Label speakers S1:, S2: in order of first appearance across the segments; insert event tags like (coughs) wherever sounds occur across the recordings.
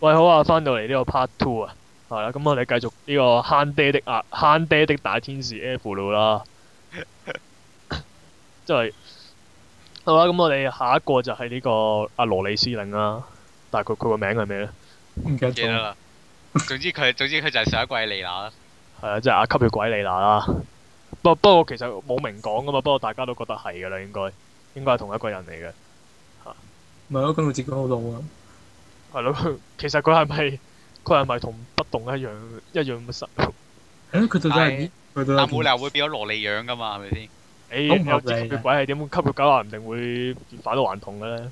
S1: 喂，好啊，翻到嚟呢個 part two 啊，係啦，咁、嗯嗯、我哋繼續呢個慳爹的阿慳爹的大天使 F 啦，即 (laughs) 係好啦、啊，咁、嗯嗯、我哋下一個就係呢、這個阿羅、啊、里斯令啦，大概佢佢個名係咩咧？唔記得啦。
S2: 總之佢總之佢就係上一季利娜，
S1: 係、就是、啊，即係阿吸血鬼利娜啦。不不過其實冇明講噶嘛，不過大家都覺得係噶啦，應該應該係同一個人嚟嘅。吓，
S3: 唔係啊，咁我自己好老啊。
S1: 係咯，其實佢係咪佢係咪同不動一樣一樣咁實？誒，佢
S2: 到底？但冇理由會變咗蘿莉樣噶嘛？係咪先？誒，有吸血鬼係
S1: 點吸血狗，話唔定會變返老還童噶啦。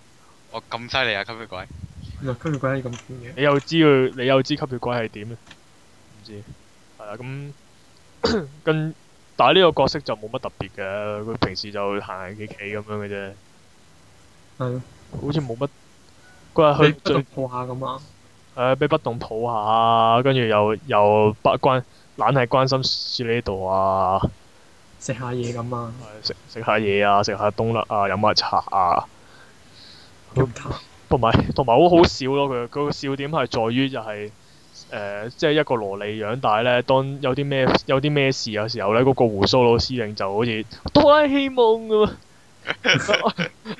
S1: 哦，
S2: 咁犀利啊！吸血鬼。哇，吸血鬼係
S1: 咁勁嘅。你又知佢？你又知吸血鬼係點？唔知。係啊，咁跟但係呢個角色就冇乜特別嘅，佢平時就行行企企咁樣嘅啫。係咯。好似冇乜。佢話去做抱下咁啊！誒、呃，俾筆筒抱下，跟住又又不關，懶係關心住呢度啊！食下嘢咁啊！食食、嗯、下嘢啊，食下冬甩啊，飲下茶啊！好慘！同埋同埋好好笑咯，佢佢個笑點係在於就係、是、誒，即、呃、係、就是、一個羅莉樣但係咧，當有啲咩有啲咩事嘅時候咧，嗰、那個鬍鬚老司令就好似哆啦 A 夢咁啊！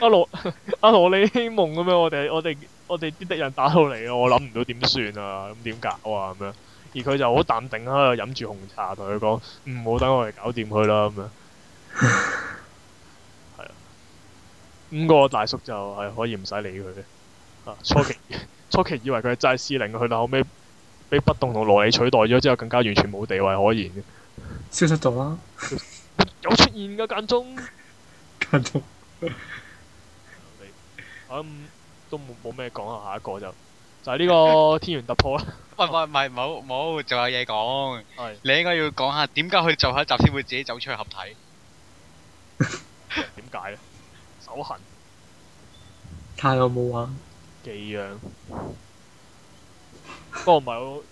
S1: 阿羅阿羅你希望咁樣，我哋我哋我哋啲敵人打到嚟，我諗唔到點算啊？咁點搞啊？咁樣，而佢就好淡定喺度飲住紅茶，同佢講，唔好等我哋搞掂佢啦。咁樣，係 (laughs) 啊，五個大叔就係可以唔使理佢嘅，啊。初期初期以為佢係齋司令，去到後尾俾不動同羅里取代咗之後，更加完全冇地位可言消失咗啦， (laughs) (laughs) 有出現嘅間中。
S2: 我諗、 (laughs) 嗯、都冇冇咩講啊！下一個就就係、是、呢個天元突破啦。唔唔唔，冇冇，仲有嘢講。係， (laughs) 你應該要講下點解佢就下一集先會自己走出去合體。點解咧？手痕。
S1: 太耐冇玩寄養。不過唔係好，唔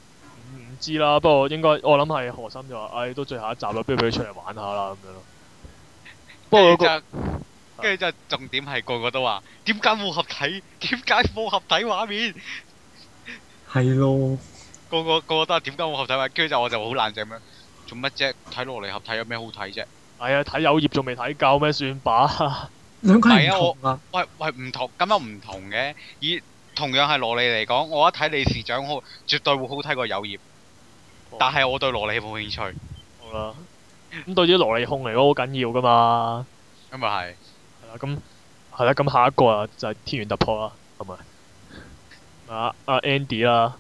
S1: 知啦。不過應該我諗係何
S2: 心就話：，唉、哎，都最後一集啦，不如俾佢出嚟玩下啦，咁樣咯。跟住就，跟住就重點係個個都話，點解冇合體？點解冇合體畫面？
S1: 係咯的，
S2: 個個個個都係點解冇合體畫？跟住就我就好冷靜咁樣，做乜啫？睇蘿莉合體有咩好睇啫？
S1: 係啊、哎，睇有葉仲未睇夠咩？算把
S2: 兩係唔同啊？喂喂，唔同咁又唔同嘅，以同樣係蘿莉嚟講，我一睇李氏長好絕對會好睇過有葉，但係我對蘿莉冇興趣。好啦。
S1: 咁、嗯、對啲蘿莉控嚟講好緊要噶嘛？咁咪係，係啦咁，係啦咁，下一個啊就係天元突破啦，係咪、 (laughs) (laughs) 啊？啊啊 Andy 啦，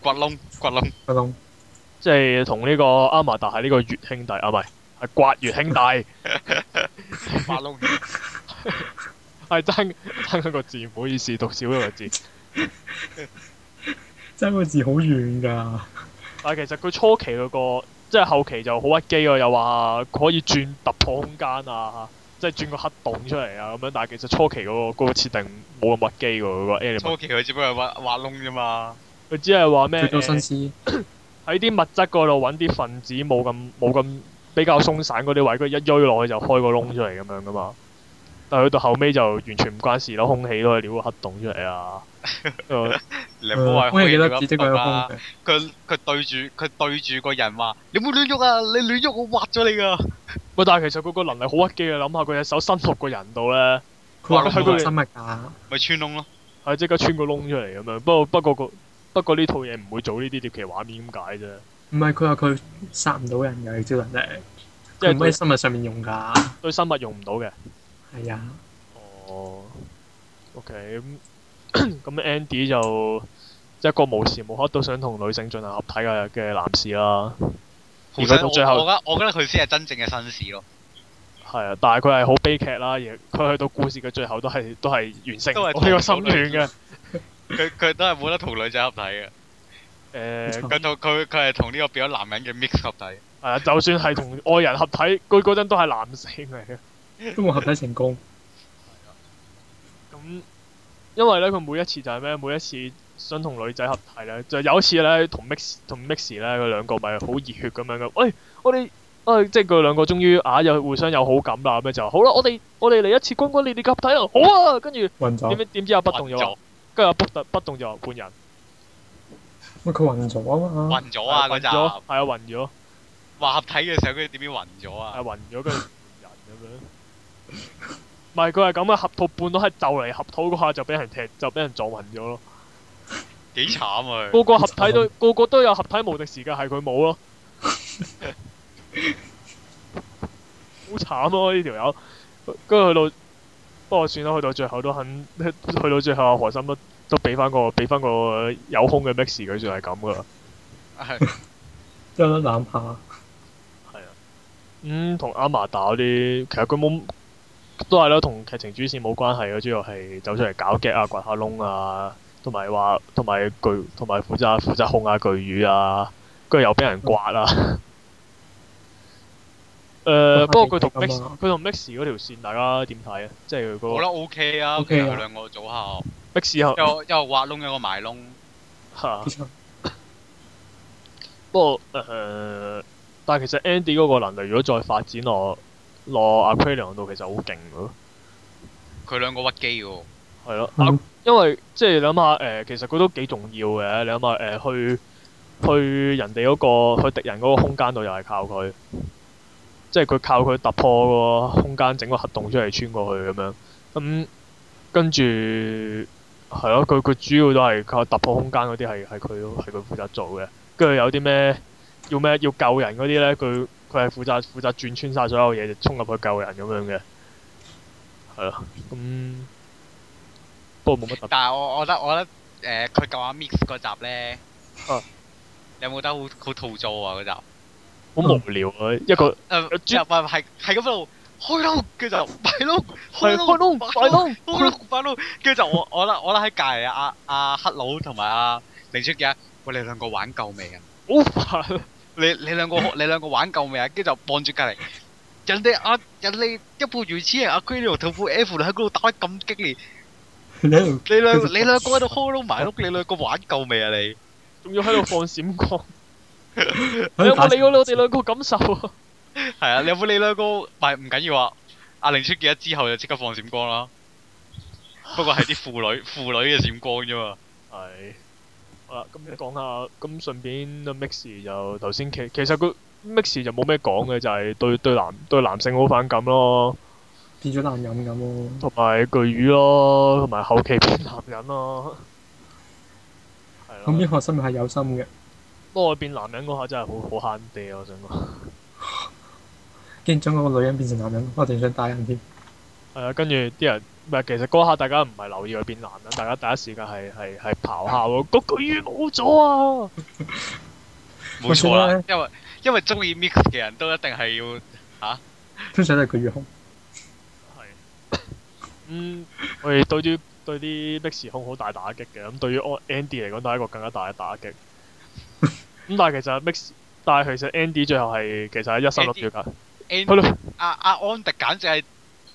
S2: 刮窿刮窿
S1: 刮窿孔，即係同呢個阿瑪達係呢個月兄弟啊，唔係係刮月兄弟，刮
S2: 窿 (laughs) (laughs) (laughs) (laughs) (laughs) ，
S1: 係爭爭一個字，唔好意思讀少一個字，
S3: 爭 (laughs) 個字好遠噶。
S1: (laughs) 但係其實佢初期嗰、那個。即係後期就好屈機喎，又話可以轉突破空間啊，即係轉個黑洞出嚟啊咁樣。但係其實初期嗰個嗰個設定冇咁屈機喎，個。嗰個、初期佢
S2: 只不過係挖挖窿啫嘛，
S1: 佢只係話咩？喺啲、呃、物質嗰度揾啲分子冇咁冇咁比較鬆散嗰啲位，佢一堆落去就開個窿出嚟咁樣噶嘛。但係去到後尾就完全唔關事咯，空氣都可以撩個黑洞出嚟啊。 (laughs) 呃 (laughs)
S2: 你冇話可以點樣，佢佢對住佢對住個人話，
S1: 有冇亂喐啊？你亂喐我滑咗你噶、啊、喂、嗯、但係其實佢個能力好屈機啊，諗下佢隻手伸落、嗯、個人度咧，佢話佢係生物
S2: 架，咪
S1: 穿窿咯，係即刻穿個窿出嚟咁樣。不過不過個不過呢套嘢唔會做呢啲獵奇畫面，點解啫？
S3: 唔係，佢話佢殺唔到人嘅超能
S1: 力，即係唔可以生物上面用噶。對、啊、生物用唔到嘅。係啊，哦 O K，咁咁 Andy 就。一個無時無刻都想同女性進行合體嘅嘅男士啦，而佢到最後，我
S2: 我覺得佢先係真正嘅紳士咯。
S1: 係啊，但係佢係好悲劇啦，而佢去到故事嘅最後都係都係完成，呢個心戀嘅。
S2: 佢佢都係冇得同女仔合體嘅。誒、 (laughs) 欸，佢同佢佢係同呢個變咗男人嘅 mix
S1: 合體。誒、 (laughs) 啊，就算係同愛人合體，佢嗰陣都係男性嚟嘅，都冇合體成功。咁 (laughs) 因為咧，佢每一次就係咩？每一次。想同女仔合體咧，就有一次咧，同 mix 同 mix 咧，佢兩個咪好熱血咁樣嘅。喂、欸，我哋啊，即係佢兩個終於啊，又互相有好感啦，咁、啊、樣就好啦。我哋我哋嚟一次，轟轟烈烈合體啊，好啊。跟住點點知阿不動又跟住阿不特不動又半人。
S3: 喂、欸，佢暈咗啊嘛？暈咗了啊，嗰陣
S1: 係啊，暈咗。
S2: 話合體嘅時候，佢點點暈咗啊？啊，暈咗跟住人咁
S1: 樣。唔係佢係咁啊，合套半到係就嚟合套嗰下就俾人踢，就俾人撞暈咗咯。
S2: 幾慘啊！個個合體慘都，
S1: 個個都有合體無敵時間，係佢冇咯，好 (laughs) 慘 (laughs) 啊！呢條友，跟住去到，不過算啦，去到最後都肯，去到最後何心都都俾翻個，俾翻個有空嘅 max，佢算係咁噶啦。係
S2: (laughs) 是的，
S1: 真冇攬
S3: 下？
S1: 係啊，嗯，同阿 ma 打啲，其實佢冇，都係咯，同劇情主綫冇關係咯，主要係走出嚟搞劇啊，掘下窿啊。同埋話，同埋巨，同埋負責負責控下巨魚啊，跟住又俾人刮啦、啊。誒，不過佢同 Mix，佢同 Mix 嗰條線大家點睇啊？即係嗰我覺得 OK 啊，OK 啊，佢哋兩
S2: 個組合。Mix 又又挖窿，有，有，有個埋窿。
S1: 不過誒，但係其實 Andy 嗰個能力如果再發展落落 a q r i l i n 度，其實好勁嘅。
S2: 佢兩個屈機
S1: 嘅。係咯。 (laughs) (laughs) 因為即係你諗下誒，其實佢都幾重要嘅。你諗下誒，去去人哋、那、嗰個去敵人嗰個空間度又係靠佢，即係佢靠佢突破個空間，整個黑洞出嚟穿過去咁樣。咁跟住係咯，佢佢、啊、主要都係靠突破空間嗰啲係係佢係佢負責做嘅。跟住有啲咩要咩要救人嗰啲呢，佢佢係負責負責轉穿晒所有嘢，就衝入去救人咁樣嘅。係咯、啊、咁、嗯。不過冇
S2: 乜，但係我我覺得我覺得誒佢今晚 mix 嗰集咧，你有冇覺得好好吐槽啊嗰集？好
S1: 無聊啊，一個
S2: 誒，又唔係係喺嗰度開窿，叫做擺窿，開窿擺窿，開窿擺窿，跟住就我我覺得我覺得喺隔籬啊阿阿黑佬同埋阿寧小姐，我哋兩個玩夠未啊？好煩！你你兩個你兩個玩夠未啊？跟住就傍住隔籬，人哋阿人哋一鋪住錢阿 Kilo 同鋪 F 喺嗰度打得咁激烈。你兩你兩個喺度 hold 埋碌，你兩個玩夠未啊？你仲要喺度放閃光？
S1: 你有冇理我哋兩個感受？
S2: 係啊，你有冇理兩個？唔係唔緊要啊。阿玲出幾多之後就即刻放閃光啦。不過係啲婦女婦女嘅閃光啫嘛。係。
S1: 好啦，咁你講下，咁順便 mix 就頭先其其實個 mix 就冇咩講嘅，就係對對男對男性好反感咯。變咗男人咁咯、啊，同埋巨魚咯、啊，同埋後期變男人咯、啊，係咯、 (laughs) 啊。咁呢個心係有心嘅，不過變男人嗰下真係好好慳地我想講， (laughs) 竟
S3: 然將嗰個女人變成男人，我仲想打人添。
S1: 係啊，嗯、跟住啲人唔係，其實嗰下大家唔係留意佢變男人，大家第一時間係係係咆哮，嗰個魚冇咗啊！冇、那、錯、個啊、啦因，
S2: 因為因為中意 mic 嘅人都一定係要吓，
S3: 啊、都想係佢魚控。
S1: 嗯， (laughs) 我哋對啲對啲 mix 空，好大打擊嘅，咁對於安 Andy 嚟講都係一個更加大嘅打擊。咁、 (laughs) 嗯、但係其實 mix，但係其實 Andy 最後係其實係一心諗住架
S2: Andy 阿阿安迪簡直係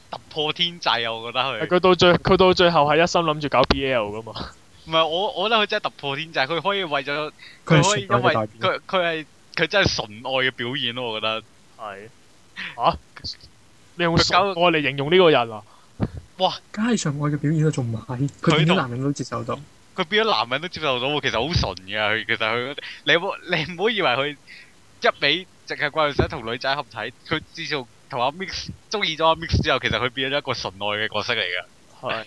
S2: 突破天際啊！我覺得佢佢 (laughs) 到最
S1: 佢到最後係一心諗住搞 BL 噶嘛。
S2: 唔 (laughs) 係我我，我覺得佢真係突破天際，佢可以為咗佢可以因為佢佢係佢真係純愛嘅表現咯，我覺得係吓 (laughs) 、
S1: 啊、你用純愛嚟形容呢個人啊？
S3: 哇！街上愛嘅表現都，仲唔係
S2: 佢變咗男人都接受到？佢變咗男人都接受到，其實好純嘅。其實佢你唔好你唔好以為佢一比淨係掛住想同女仔合體。佢至少同阿 Mix 中意咗阿 Mix 之後，其實佢變咗一個純愛嘅角色嚟嘅。係，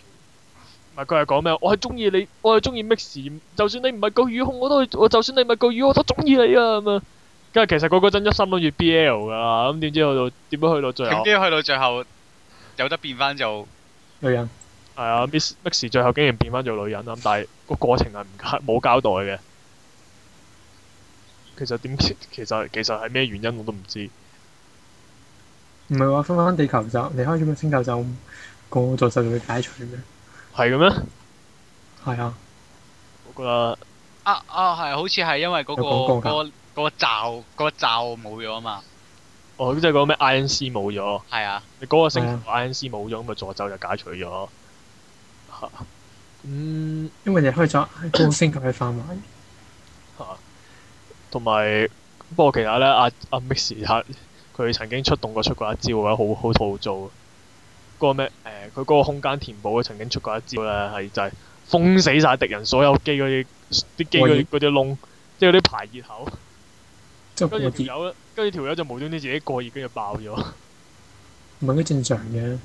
S1: 唔係佢係講咩？我係中意你，我係中意 Mix。就算你唔係個魚控，我都我就算你唔係個魚，我都中意你啊！咁樣，跟住其實佢嗰陣一心諗住 BL 噶，咁點知佢就點樣去到最後？點知
S2: 去到最後有得變翻就？
S1: 女人係啊，yeah，Miss，Miss 最後竟然變翻做女人啦，但係個過程係唔冇交代嘅。其實點？其實其實係咩原因我都唔知。
S3: 唔係話翻返地球就離開咗個星球就，嗰個座就會解除咩？係嘅咩？係啊。
S2: 我覺得，啊啊係好似係因為嗰，嗰個，嗰個，嗰個罩，嗰個罩冇咗啊嘛～
S1: 我、哦、即係嗰個咩，I N C 冇咗。係啊，你嗰個星球 I N C 冇咗，咁、那、咪、個、助咒就解除咗。咁、
S3: 啊嗯、因為你輝就係嗰個星球去販
S1: 同埋，不過、啊、其實咧，阿、啊、阿、啊、m i s 他佢曾經出動過出過一招嘅，好好粗造。嗰、那個咩？誒、呃，佢嗰個空間填補，曾經出過一招嘅，係就係、是、封死晒敵人所有機嗰啲啲機嗰啲窿，即係嗰啲排熱口。跟住條友咧，跟住條友就無端端自己過熱跟住爆咗，唔
S3: 係好正常嘅。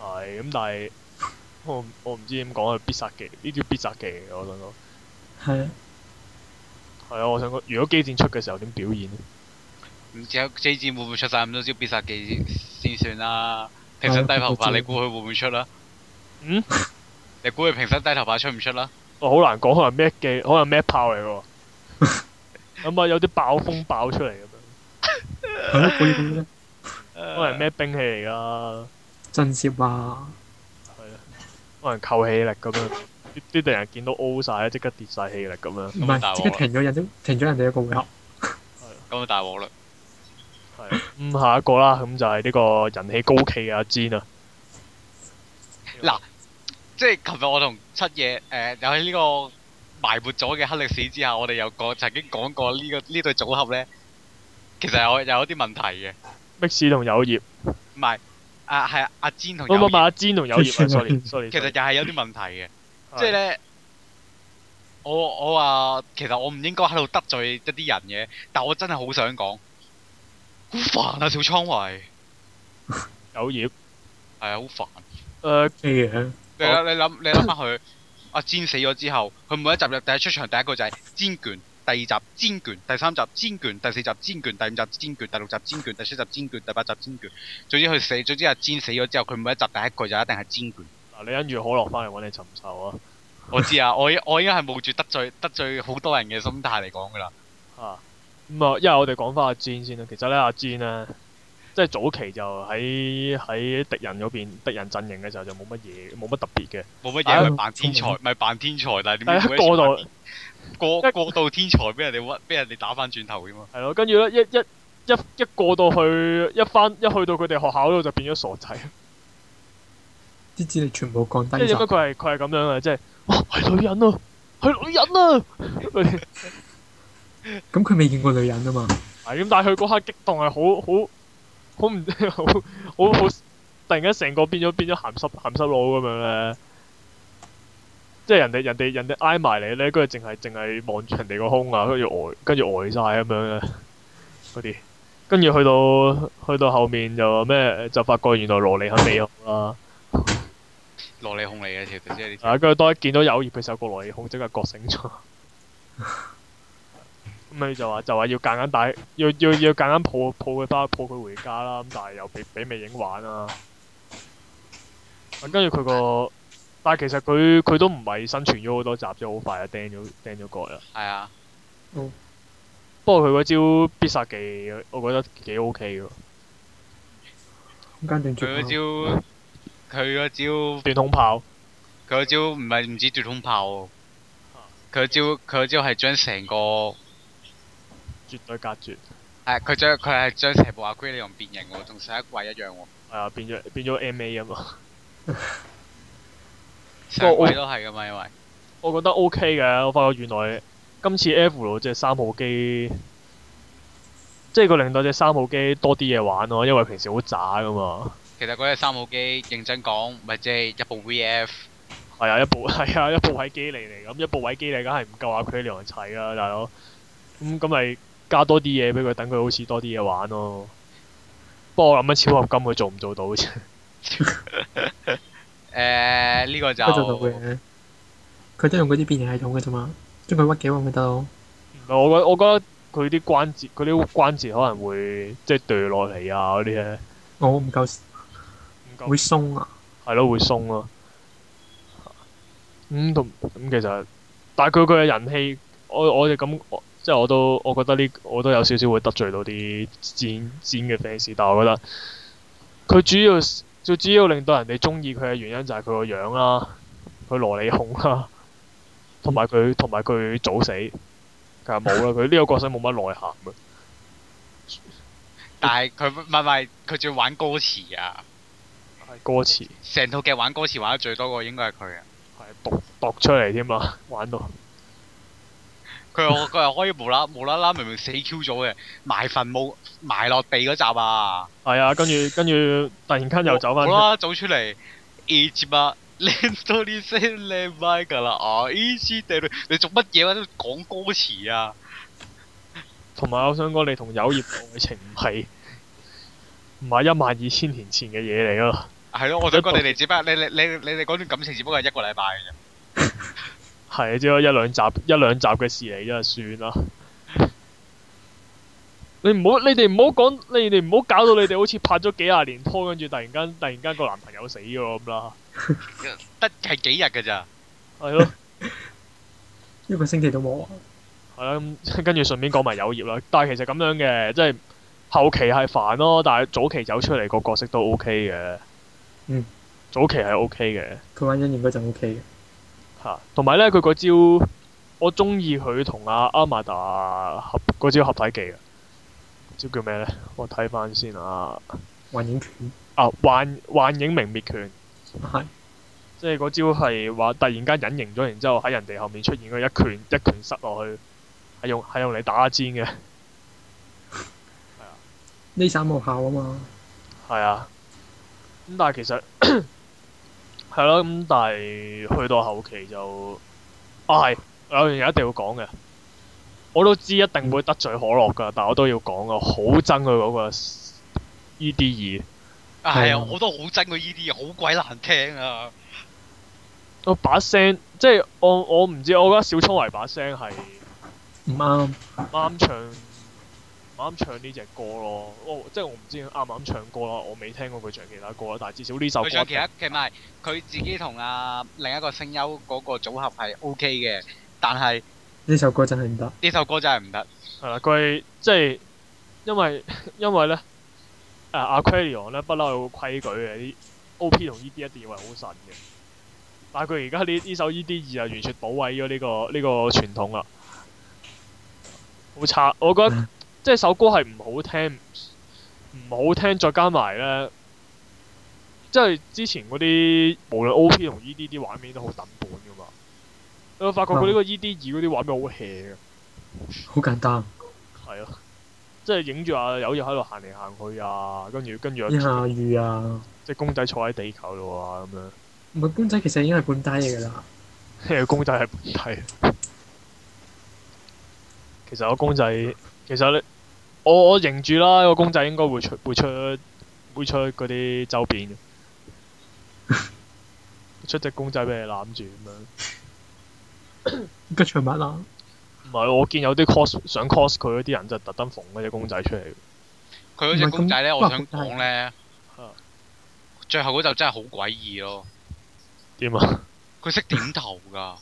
S1: 係咁，但係我我唔知點講啊！必殺技呢啲必殺技，我想講係啊，係啊！我想講，如果機戰出嘅時候點表演咧？
S2: 唔知啊！機戰會唔會出曬咁多招必殺技先算啦？平身低頭髮，你估佢會唔會出啦？嗯？你估佢平身低頭髮出唔出啦？
S1: 我好難講，可能咩技，可能咩炮嚟喎。咁啊，有啲爆風爆出嚟咁樣，係可能咩兵器嚟噶？
S3: 震懾啊！係、嗯、啊，
S1: 可能扣氣力咁樣，啲啲敵人見到 O 晒，即刻跌晒氣力咁樣。唔係，即刻停咗人，
S3: 即停咗人哋一個回合。係
S2: 咁啊！大鑊啦。係。咁
S1: 下一個啦，咁就係呢個人氣高企嘅阿煎啊。
S2: 嗱，即係琴日我同七夜誒，就喺呢個。 (laughs) 埋沒咗嘅黑歷史之後，我哋有講曾經講過呢、這個呢對組合咧，其實有有一啲問題嘅。
S1: 歷史同友業
S2: 唔係啊，係阿堅同。啊、有冇冇阿堅同友業啊！sorry，sorry， (laughs) (laughs) 其實又係有啲問題嘅。即係咧，我我話、啊、其實我唔應該喺度得罪一啲人嘅，但我真係好想講。好煩啊，小倉衛。友業係、哎、Okay. 啊，好煩。誒，你 (coughs) (coughs) 你諗你諗下佢。阿煎、啊、死咗之後，佢每一集入第一出場，第一個就係煎卷，第二集煎卷，第三集煎卷，第四集煎卷，第五集煎卷，第六集煎卷，第七集煎卷，第八集煎卷。總之佢死，總之阿煎死咗之後，佢每一集第一個就一定係煎卷。嗱，你跟住可樂
S1: 翻嚟揾你尋仇啊！
S2: (laughs) 我知我我應該啊，我我依家係冒住得罪得罪好多人嘅心態嚟講噶啦。吓，
S1: 咁啊，一係我哋講翻阿煎先啦。其實咧，阿煎咧。即係早期就喺喺敵人嗰邊，敵人陣營嘅時候就冇乜嘢，冇乜特別嘅，冇乜嘢。扮天才
S2: 咪扮天才，但係過到過過到天才俾人哋屈，俾人哋打翻轉頭噶嘛。
S1: 係咯，跟住咧，一一一一過到去，一翻一去到佢哋學校度就變咗傻仔，
S3: 啲智力全部降低。即係點解
S1: 佢係佢係咁樣啊？即係，哦，係女人啊，係女人啊！
S3: 咁佢未見過女人啊嘛？
S1: 係咁，但係佢嗰刻激動係好好。好唔 (laughs) 好？好好，好突然間成個變咗變咗鹹濕鹹濕佬咁樣咧，即係人哋人哋人哋挨埋嚟咧，跟住淨係淨係望住人哋個胸啊，跟住呆、呃、跟住呆晒咁樣咧，嗰啲跟住去到去到後面就咩？就發覺原來蘿莉肯美好啊。
S2: 蘿莉控你嘅條即啊！跟
S1: 住當一見到友誼嘅時候，個蘿莉控即刻覺醒咗。 (laughs) 咁佢、嗯、就話就話要夾硬帶，要要要夾硬抱抱佢翻，抱佢回，回家啦。咁但係又俾俾魅影玩啊。咁跟住佢個，但係其實佢佢都唔係生存咗好多集啫，好快就啊，掟咗掟咗過啦。係啊。不過佢嗰招必殺技，
S2: 我覺得幾 O K 嘅。
S3: 空佢嗰招，
S2: 佢嗰招。斷筒炮。佢嗰招唔係唔止斷筒炮。佢嗰招，佢嗰招係將成個。絕對隔絕。係佢將佢係將成部阿奎利用變形喎，同上一季一樣喎。係啊，變咗變咗 M A 啊嘛。
S1: (laughs) 上季都係噶嘛，我因為我覺得 O K 嘅。我發覺原來今次 F 咯，即係三號機，即係佢令到隻三號機多啲嘢玩咯。因為平時好渣噶嘛。
S2: 其實嗰隻三號機認真講，咪即係一部 V F。係啊、哎，一
S1: 部係啊、哎，一部
S2: 位機嚟嚟，咁一部位機
S1: 嚟。梗係唔夠阿奎利用砌啦，大佬。咁咁咪。加多啲嘢俾佢，等佢好似多啲嘢玩咯、哦。不過我諗緊超合金佢做唔做到啫？
S2: 誒，呢個就做。做到
S1: 嘅。佢都用嗰啲變形系統嘅啫
S3: 嘛，將佢屈幾彎咪得咯。
S1: 我我覺得佢啲關節，嗰啲關節可能會即係跌落嚟啊嗰啲咧。
S3: 我唔夠，唔夠，會鬆啊。係、嗯、咯，會鬆
S1: 咯。咁同咁其實，但係佢佢嘅人氣，我我哋咁。即係我都，我覺得呢，我都有少少會得罪到啲尖尖嘅 fans，但係我覺得佢主要最主要令到人哋中意佢嘅原因就係佢個樣啦、啊，佢蘿莉控啦，同埋佢同埋佢早死，佢係冇啦，佢呢 (laughs) 個角色冇乜內涵啊！
S2: 但係佢唔係唔係佢仲要玩歌詞啊！
S1: 係歌詞，
S2: 成套劇玩歌詞玩得最多個應該係佢啊！係
S1: 讀讀出嚟添嘛，玩到。
S2: 佢佢係可以無啦無啦啦，明明死 Q 咗嘅，埋墳墓埋落地嗰集啊！
S1: 係、哎、 (music) 啊，跟住跟住突然間又走翻，好啦
S2: 走出嚟。你做乜嘢啊？都講歌詞啊！
S1: 同埋我想講，你同友業愛情唔係唔係一萬二千年前嘅嘢嚟咯。
S2: 係咯， (music) 我想講你哋，葉子吧，你你你你你嗰段感情只不過係一個禮拜嘅啫。 (laughs)
S1: 係啊，只有一兩集一兩集嘅事嚟啫，算啦。你唔好，你哋唔好講，你哋唔好搞到你哋好似拍咗幾廿年拖，跟住突然間突然間個男朋友死咗咁啦。
S2: 得係幾日噶咋？
S1: 係咯，
S3: 一個星期都冇。
S1: 係啊，跟住順便講埋友業啦。但係其實咁樣嘅，即係後期係煩咯，但係早期走出嚟個角色都 OK 嘅。嗯，早期係 OK 嘅。
S3: 佢玩恩怨嗰陣 OK 嘅。
S1: 吓，同埋咧，佢嗰招我中意佢同阿阿瑪達合嗰招合體技啊！嗰招叫咩咧？我睇翻先啊！幻影拳啊，幻幻影明滅拳係，是即係嗰招係話突然間隱形咗，然之後喺人哋後面出現，佢一拳一拳塞落去，係用係用嚟打尖嘅，係 (laughs) 啊
S3: 呢三無效啊嘛，
S1: 係啊咁、嗯，但係其實。 (coughs) 係咯，咁但係去到後期就，啊係，有樣嘢一定要講嘅，我都知一定會得罪可樂噶，但係我都要講啊，好憎佢嗰個 ED2。啊係啊，
S2: 我都好憎佢 ED2，好鬼難聽啊！
S1: 把聲，即係我我唔知，我覺得小聰為把聲係唔啱啱唱。錯啱唱呢隻歌咯，哦，即係我唔知啱唔啱唱歌啦，我未聽過佢唱其他歌啦，但係至少呢首歌。佢唱其他，
S2: 佢唔係佢自己同啊、嗯、另一個聲優嗰個組合係 O K 嘅，但係
S3: 呢首歌真係唔得，
S2: 呢首歌真係唔得。係啦，佢即係因為
S1: 因為咧，誒 Aquarium 咧不嬲有規矩嘅，O P 同 E D 一定要係好神嘅，但係佢而家呢呢首 E D 二就完全破壞咗呢個呢、呢個傳統啦，好差，我覺得。啊即係首歌係唔好聽，唔好聽，再加埋咧，即係之前嗰啲無論 O.P. 同 E.D. 啲畫面都好等本噶嘛。你會發覺佢呢個 E.D. 二嗰啲畫面好 hea 嘅，好、哦、簡單。係啊。即係影住啊，有嘢喺度行嚟行去啊，跟住跟住。一下雨啊！即係公仔坐喺地球度啊，咁樣。
S3: 唔係公仔，其實已經係半低嚟噶啦。即係 (laughs) 公仔
S1: 係半低。其實個公仔。 (laughs) 其實你我我認住啦，個公仔應該會出會出會出嗰啲周邊嘅，出隻公仔俾你攬住咁樣，
S3: 吉祥
S1: 物啊！唔係我見有啲 cos 想 cos 佢嗰啲人就特登縫嗰隻公仔出嚟。
S2: 佢嗰隻公仔咧，我想講咧，啊、最後嗰集真係好詭異咯。
S1: 點啊？
S2: 佢識、啊、點頭噶。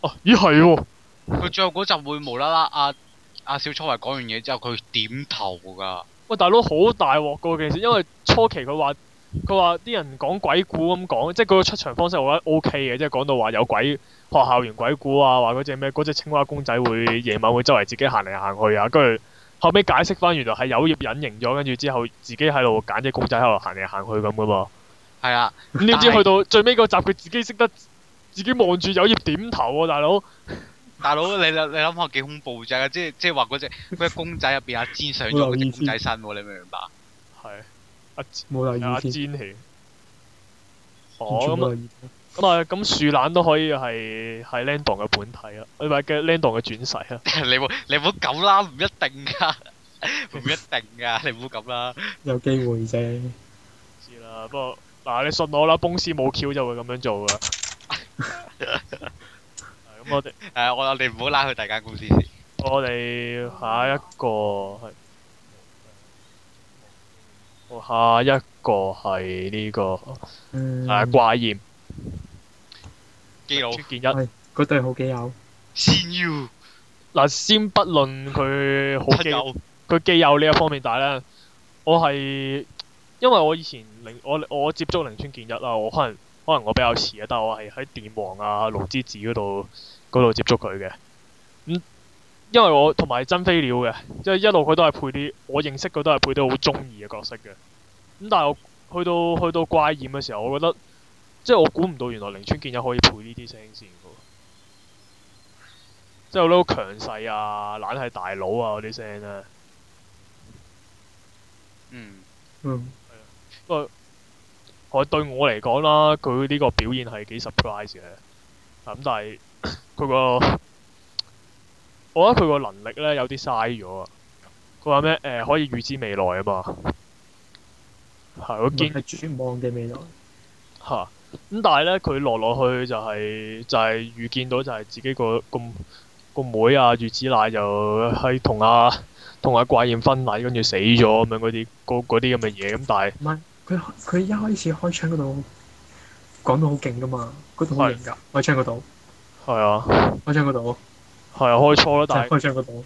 S1: 哦、啊，咦係喎！
S2: 佢、喔、最後嗰集會無啦啦啊～阿、啊、小初維講完嘢之後，佢點頭噶。
S1: 喂，大佬好大鑊噶其實，因為初期佢話佢話啲人講鬼故咁講，即係佢個出場方式我覺得 O K 嘅，即係講到話有鬼學校園鬼故啊，話嗰隻咩嗰隻青蛙公仔會夜晚會周圍自己行嚟行去啊，跟住後尾解釋翻，原來係有葉隱形咗，跟住之後自己喺度揀隻公仔喺度行嚟行去咁噶喎。係啦、啊，咁你知去到最尾嗰集，佢自己識得自己望住有葉點頭喎、啊，大佬。
S2: 大佬，你你諗下幾恐怖啫？即係即係話嗰隻咩公仔入邊阿尖上咗嗰隻公仔身，你明唔明白？係
S1: 阿尖冇啦，阿尖
S2: 係。
S1: 哦咁啊，咁啊，咁樹懶都可以係係 Landon 嘅本體啦，你咪嘅 Landon 嘅轉世啦。
S2: 你會你會咁啦，唔一定噶，唔一定噶，你唔好咁啦。
S1: 有機會啫。
S2: 知啦，不過
S1: 嗱，你信我啦，公司冇 Q 就會咁樣做噶。
S2: 我哋誒，我我哋唔好拉去第二間
S1: 公司先。我哋下一個係，下一個係呢個誒怪艷基友，村建一嗰對好基友先要嗱，先不論佢好基友，佢基友呢一方面，但係咧，我係因為我以前我我接觸林村建一啦，我可能可能我比較遲啊，但係我係喺電王啊、龍之子嗰度。嗰度接觸佢嘅，咁、嗯、因為我同埋曾飛鳥嘅，即係一路佢都係配啲我認識佢都係配啲好中意嘅角色嘅，咁、嗯、但係我去到去到怪異嘅時候，我覺得即係我估唔到原來凌川健有可以配呢啲聲線嘅，即係好強勢啊、懶係大佬啊嗰啲聲啊。嗯、啊、嗯，不過、嗯，我、嗯、對，對我嚟講啦，佢呢個表現係幾 surprise 嘅，咁、嗯、但係。佢個，我覺得佢個能力咧有啲嘥咗啊！佢話咩誒可以預知未來啊噃，係我見係
S3: 絕望嘅未來。
S1: 吓、啊，咁但係咧，佢落落去就係、是、就係、是、預見到就係自己個咁個,個妹啊，月子奶就喺同阿同阿怪現婚禮跟住死咗咁樣嗰啲嗰啲咁嘅嘢，咁但係唔係
S3: 佢佢一開始開槍嗰度
S1: 講到好勁噶嘛，嗰度好勁㗎，是開槍度。係啊，開槍嗰度，係啊，開錯啦，但係開槍嗰度，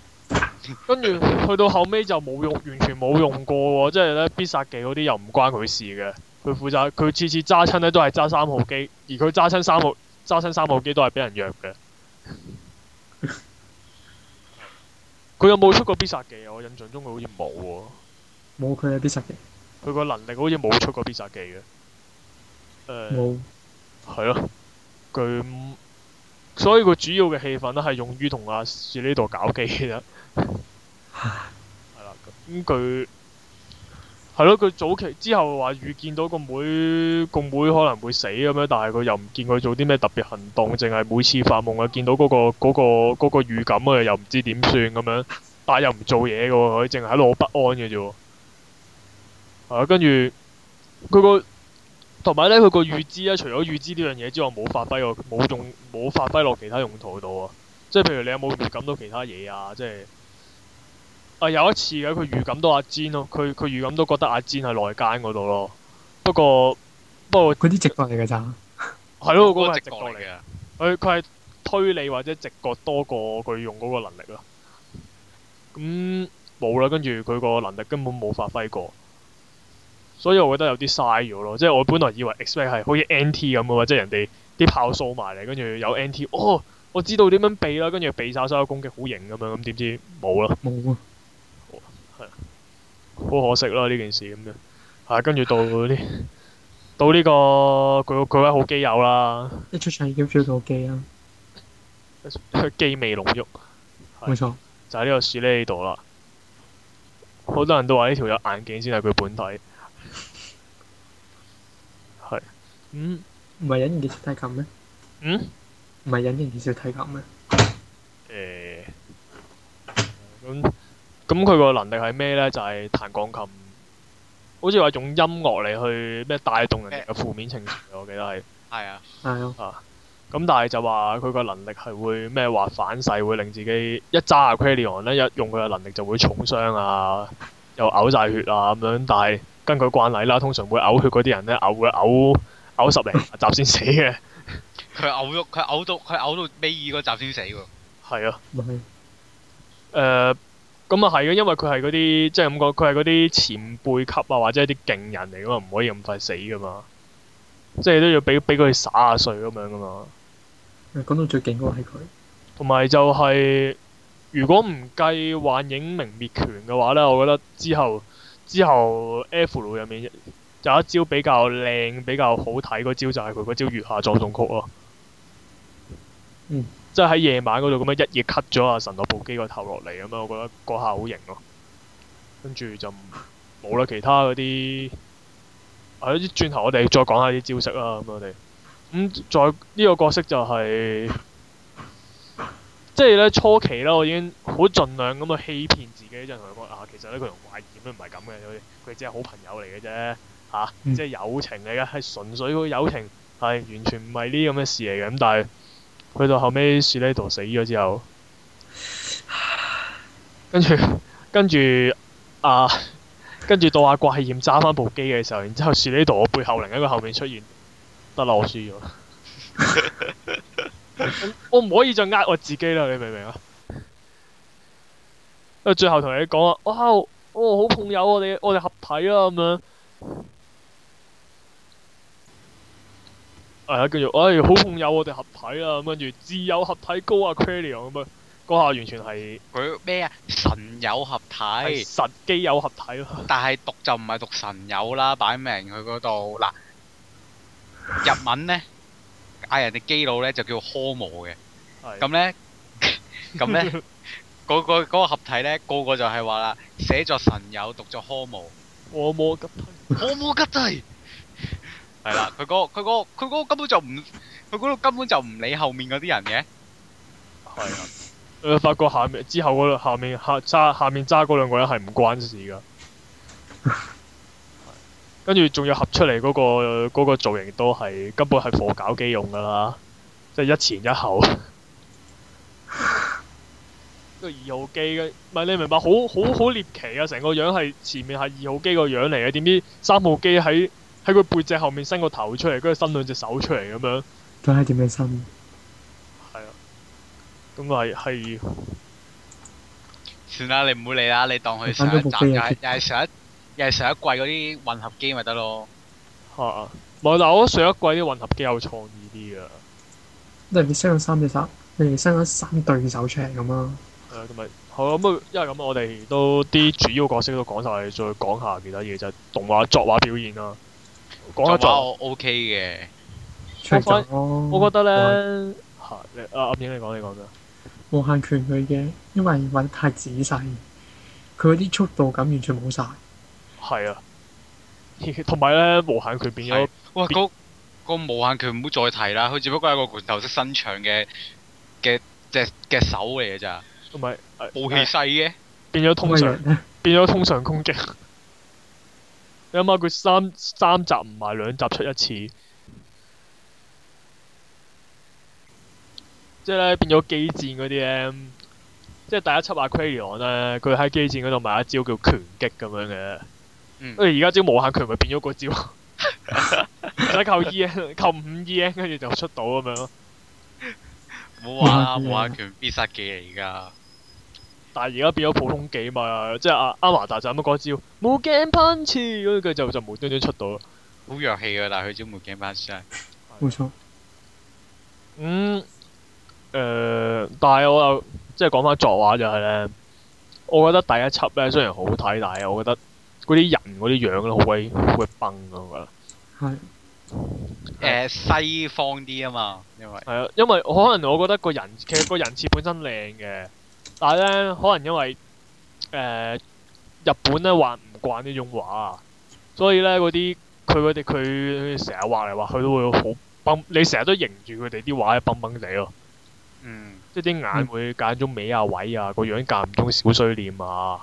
S1: 跟住去到後尾就冇用，完全冇用過喎、哦。即係咧，必殺技嗰啲又唔關佢事嘅，佢負責，佢次次揸親咧都係揸三號機，而佢揸親三號，揸親三號機都係俾人虐嘅。佢 (laughs) 有冇出過必殺技啊？我印象中佢好似冇喎。冇佢有必殺技，佢個能力好似冇出過必殺技嘅。誒、呃，冇有，係咯，佢。所以佢主要嘅戲份呢，係用於同阿雪呢度搞基。嘅，係啦。咁佢係咯，佢早期之後話遇見到個妹個妹，妹，妹可能會死咁樣，但係佢又唔見佢做啲咩特別行動，淨係每次發夢啊見到嗰、嗰個嗰、嗰個嗰、嗰個預、嗰個、感啊又唔知點算咁樣，但係又唔做嘢嘅，佢淨係喺度不安嘅啫。啊，跟住佢個。同埋咧，佢個預知咧、啊，除咗預知呢樣嘢之外，冇發揮過，冇用，冇發揮落其他用途度啊！即係譬如你有冇預感到其他嘢啊？即係啊，有一次嘅，佢預感到阿詹咯，佢佢預感都覺得阿詹係內奸嗰度咯。不過不過，佢啲直覺嚟嘅咋？係咯，嗰、嗰個係直覺嚟嘅。佢佢係推理或者直覺多過佢用嗰個能力咯。咁冇啦，跟住佢個能力根本冇發揮過。所以我覺得有啲嘥咗咯，即係我本來以為 expect 係好似 NT 咁啊，即係人哋啲炮掃埋嚟，跟住有 NT，哦，我知道點樣避啦，跟住避晒所有攻擊，型有啊、好型咁樣，咁點知冇啦？冇啊，係，好可惜啦呢件事咁樣，係跟住到啲，到呢個佢佢位好基友啦，一出場已經追到機啦、啊，機味 (laughs) 濃郁，冇錯，就係呢個鼠呢度啦，好多人都話呢條有眼鏡先係佢本體。
S3: 嗯，唔係隱形小提琴咩？嗯，唔係隱形小提琴咩？
S1: 誒、嗯，咁咁佢個能力係咩咧？就係彈鋼琴，好似話用音樂嚟去咩帶動人哋嘅負面情緒。我記得係係、嗯、啊，係啊。咁但係就話佢個能力係會咩話反噬，會令自己一揸啊，crillon 咧一用佢嘅能力就會重傷啊，又嘔晒血啊咁樣。但係根據慣例啦，通常會嘔血嗰啲人咧嘔會嘔，吐會吐九十零集先死嘅，
S2: 佢嘔咗，佢嘔到，佢嘔到尾二嗰集先死喎。
S1: 係啊，誒唔係，咁啊係啊，因為佢係嗰啲即係咁講，佢係嗰啲前輩級啊，或者係啲勁人嚟噶嘛，唔可以咁快死噶嘛，即係都要俾俾佢灑下水咁樣噶嘛。
S3: 誒，講到最勁嗰個係佢，
S1: 同埋就係，如果唔計幻影明滅拳嘅話呢，我覺得之後之後 F 路入面。就一招比較靚、比較好睇，嗰招就係佢嗰招月下葬送曲啊！嗯，即係喺夜晚嗰度咁樣一夜 cut 咗阿神樂部機個頭落嚟咁嘛！我覺得嗰下好型咯、啊，跟住就冇啦。其他嗰啲，係、啊、咯，轉頭，我哋再講下啲招式啦。咁我哋咁、嗯、再呢、呢個角色就係、是，即係咧初期咧，我已經好盡量咁去欺騙自己，即係同佢講啊，其實咧佢同懷疑都唔係咁嘅，佢佢只係好朋友嚟嘅啫。吓、啊，即係友情嚟嘅，係純粹嗰個友情，係完全唔係呢咁嘅事嚟嘅。咁但係，佢到後尾史萊陀死咗之後，跟住跟住啊，跟住到阿怪驗揸翻部機嘅時候，然之後史萊陀我背後靈喺佢後面出現，得啦，我輸咗。 (laughs) (laughs) 我唔可以再呃我自己啦，你明唔明、哦哦、啊？因為最後同你講啊，哇，我好碰友我你我哋合體啊，咁樣。係啊，跟住，哎，好朋友我哋合體啊。咁跟住，智友合體高啊，Kerion 咁啊，
S2: 嗰下完全係佢咩啊？神友合體，神基友合體，啊，但係讀就唔係讀神友啦，擺明佢嗰度嗱，日文咧嗌人哋基佬咧就叫科模嘅，咁咧，咁咧，嗰個，嗰個合體咧個個就係話啦，寫作神友，讀作科模，
S1: 科模吉，科模吉濟。
S2: 係啦，佢嗰佢嗰佢嗰根本就唔，佢嗰度根本就唔理後面嗰啲人
S1: 嘅。係啊，誒、呃，發覺下面之後嗰度，下面揸下，下面揸嗰兩個人係唔關事噶，跟住仲要合出嚟嗰個，嗰個造型都係根本係火搞機用噶啦，即係一前一後。個 (laughs) 二號機嘅，唔係你明白？好好好獵奇啊！成個樣係前面係二號機個樣嚟嘅，點知三號機喺？喺佢背脊後面伸個頭出嚟，跟住伸兩隻手出嚟咁樣。
S3: 咁係點樣伸？
S1: 係啊，咁個係係。
S2: 算啦，你唔好理啦，你當佢成一集，又係上一又係上一季嗰啲混合機咪得咯。吓，
S1: 唔係，但係我上一季啲混合機，啊、有創意啲噶。
S3: 特別伸咗三隻手，特別伸咗三對手
S1: 出嚟咁啊。誒，同埋係咁啊，因為咁我哋都啲主要角色都講晒，再講下其他嘢就係，動畫作畫表現啦。講咗，我 OK 嘅，除咗我，我覺得咧，係你限啊，阿影你講你講啫，啊。無
S3: 限拳佢嘅，因為揾得太仔細，佢嗰啲速度感完全冇晒。
S1: 係啊，同埋咧無限拳變咗，
S2: 哇！個個無限拳唔好再提啦，佢只不過係一個拳頭式伸長嘅嘅隻嘅手嚟嘅咋，同埋冇氣勢嘅，
S1: 變咗通常，變咗通常攻擊。 (laughs) 你諗下佢三三集唔係兩集出一次，即係咧變咗機戰嗰啲咧，即係大家插下 crayon 啦，佢喺機戰嗰度賣一招叫拳擊咁樣嘅。嗯，因為而家招無限拳咪變咗個招咯，使靠 e n 靠五 e n 跟住就出到咁樣咯。冇玩啦，無限 (laughs)
S2: 拳必殺技嚟、啊、而家。
S1: 但係而家變咗普通技嘛，即係阿阿華達就咁嗰招冇 game punch 就就無端端出到
S2: 好弱氣啊！但係佢只冇 game punch 啊。
S1: 冇錯。嗯，誒，但係我又即係講翻作畫就係咧，我覺得第一輯咧雖然好睇，但係我覺得嗰啲人嗰啲樣咧好鬼好鬼崩啊！我覺得。係是。誒是、呃，西方啲啊嘛，因為係啊，因為可能我覺得個人其實個人設本身靚嘅。但係咧，可能因為誒、呃、日本咧畫唔慣呢種畫，所以咧嗰啲佢佢哋佢成日畫嚟畫去都會好崩。你成日都凝住佢哋啲畫，崩崩地咯。嗯，即係啲眼會揀中間中尾啊、位啊，個樣間唔中小碎念啊，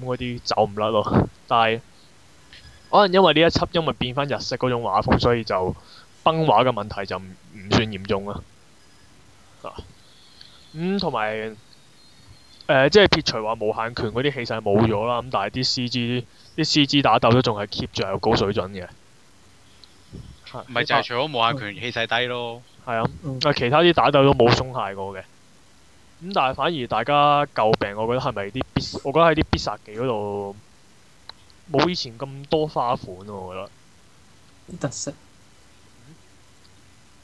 S1: 咁嗰啲走唔甩咯。但係可能因為呢一輯因為變翻日式嗰種畫風，所以就崩畫嘅問題就唔唔算嚴重啊。啊，咁同埋。誒、呃，即係撇除話無限拳嗰啲氣勢冇咗啦，咁、嗯、但係啲 C.G. 啲 C.G. 打鬥都仲係 keep 住係高水準嘅，
S2: 係咪就係除咗無限拳氣勢低咯？
S1: 係、嗯嗯、啊，其他啲打鬥都冇鬆
S2: 懈過嘅。咁、嗯、但
S1: 係反而大家詬病，我覺得係咪啲必？我覺得喺啲必殺技嗰度冇以前咁多花款咯，我覺得啲特色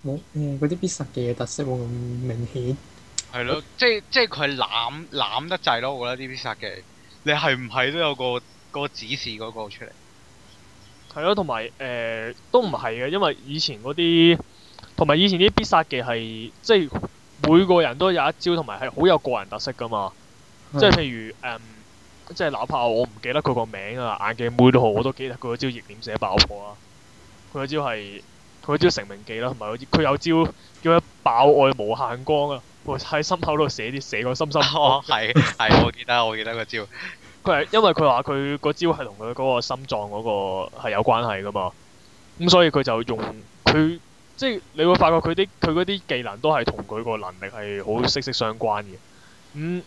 S1: 冇嗰啲必殺技嘅特色
S3: 冇咁明顯。
S2: 係咯我，即係即係佢攬攬得滯咯。我覺得啲必殺技，你係唔係都有個個指示嗰個出嚟？
S1: 係咯，同埋誒，都唔係嘅，因為以前嗰啲同埋以前啲必殺技係即係每個人都有一招，同埋係好有個人特色噶嘛。
S2: 即係、嗯、譬
S1: 如誒、嗯，即係哪怕我唔記得佢個名啊，眼鏡妹都好，我都記得佢嗰招逆點寫爆破啊。佢嗰招係佢嗰招成名技啦，同埋佢有招叫咩爆愛無限光啊。喺、哦、心口度寫啲寫
S2: 個心心，係係、哦、 (laughs) 我記得我記得個招，
S1: 佢係因為佢話佢個招係同佢嗰個心臟嗰個係有關係噶嘛，咁所以佢就用佢，即係你會發覺佢啲佢嗰啲技能都係同佢個能力係好息息相關嘅。咁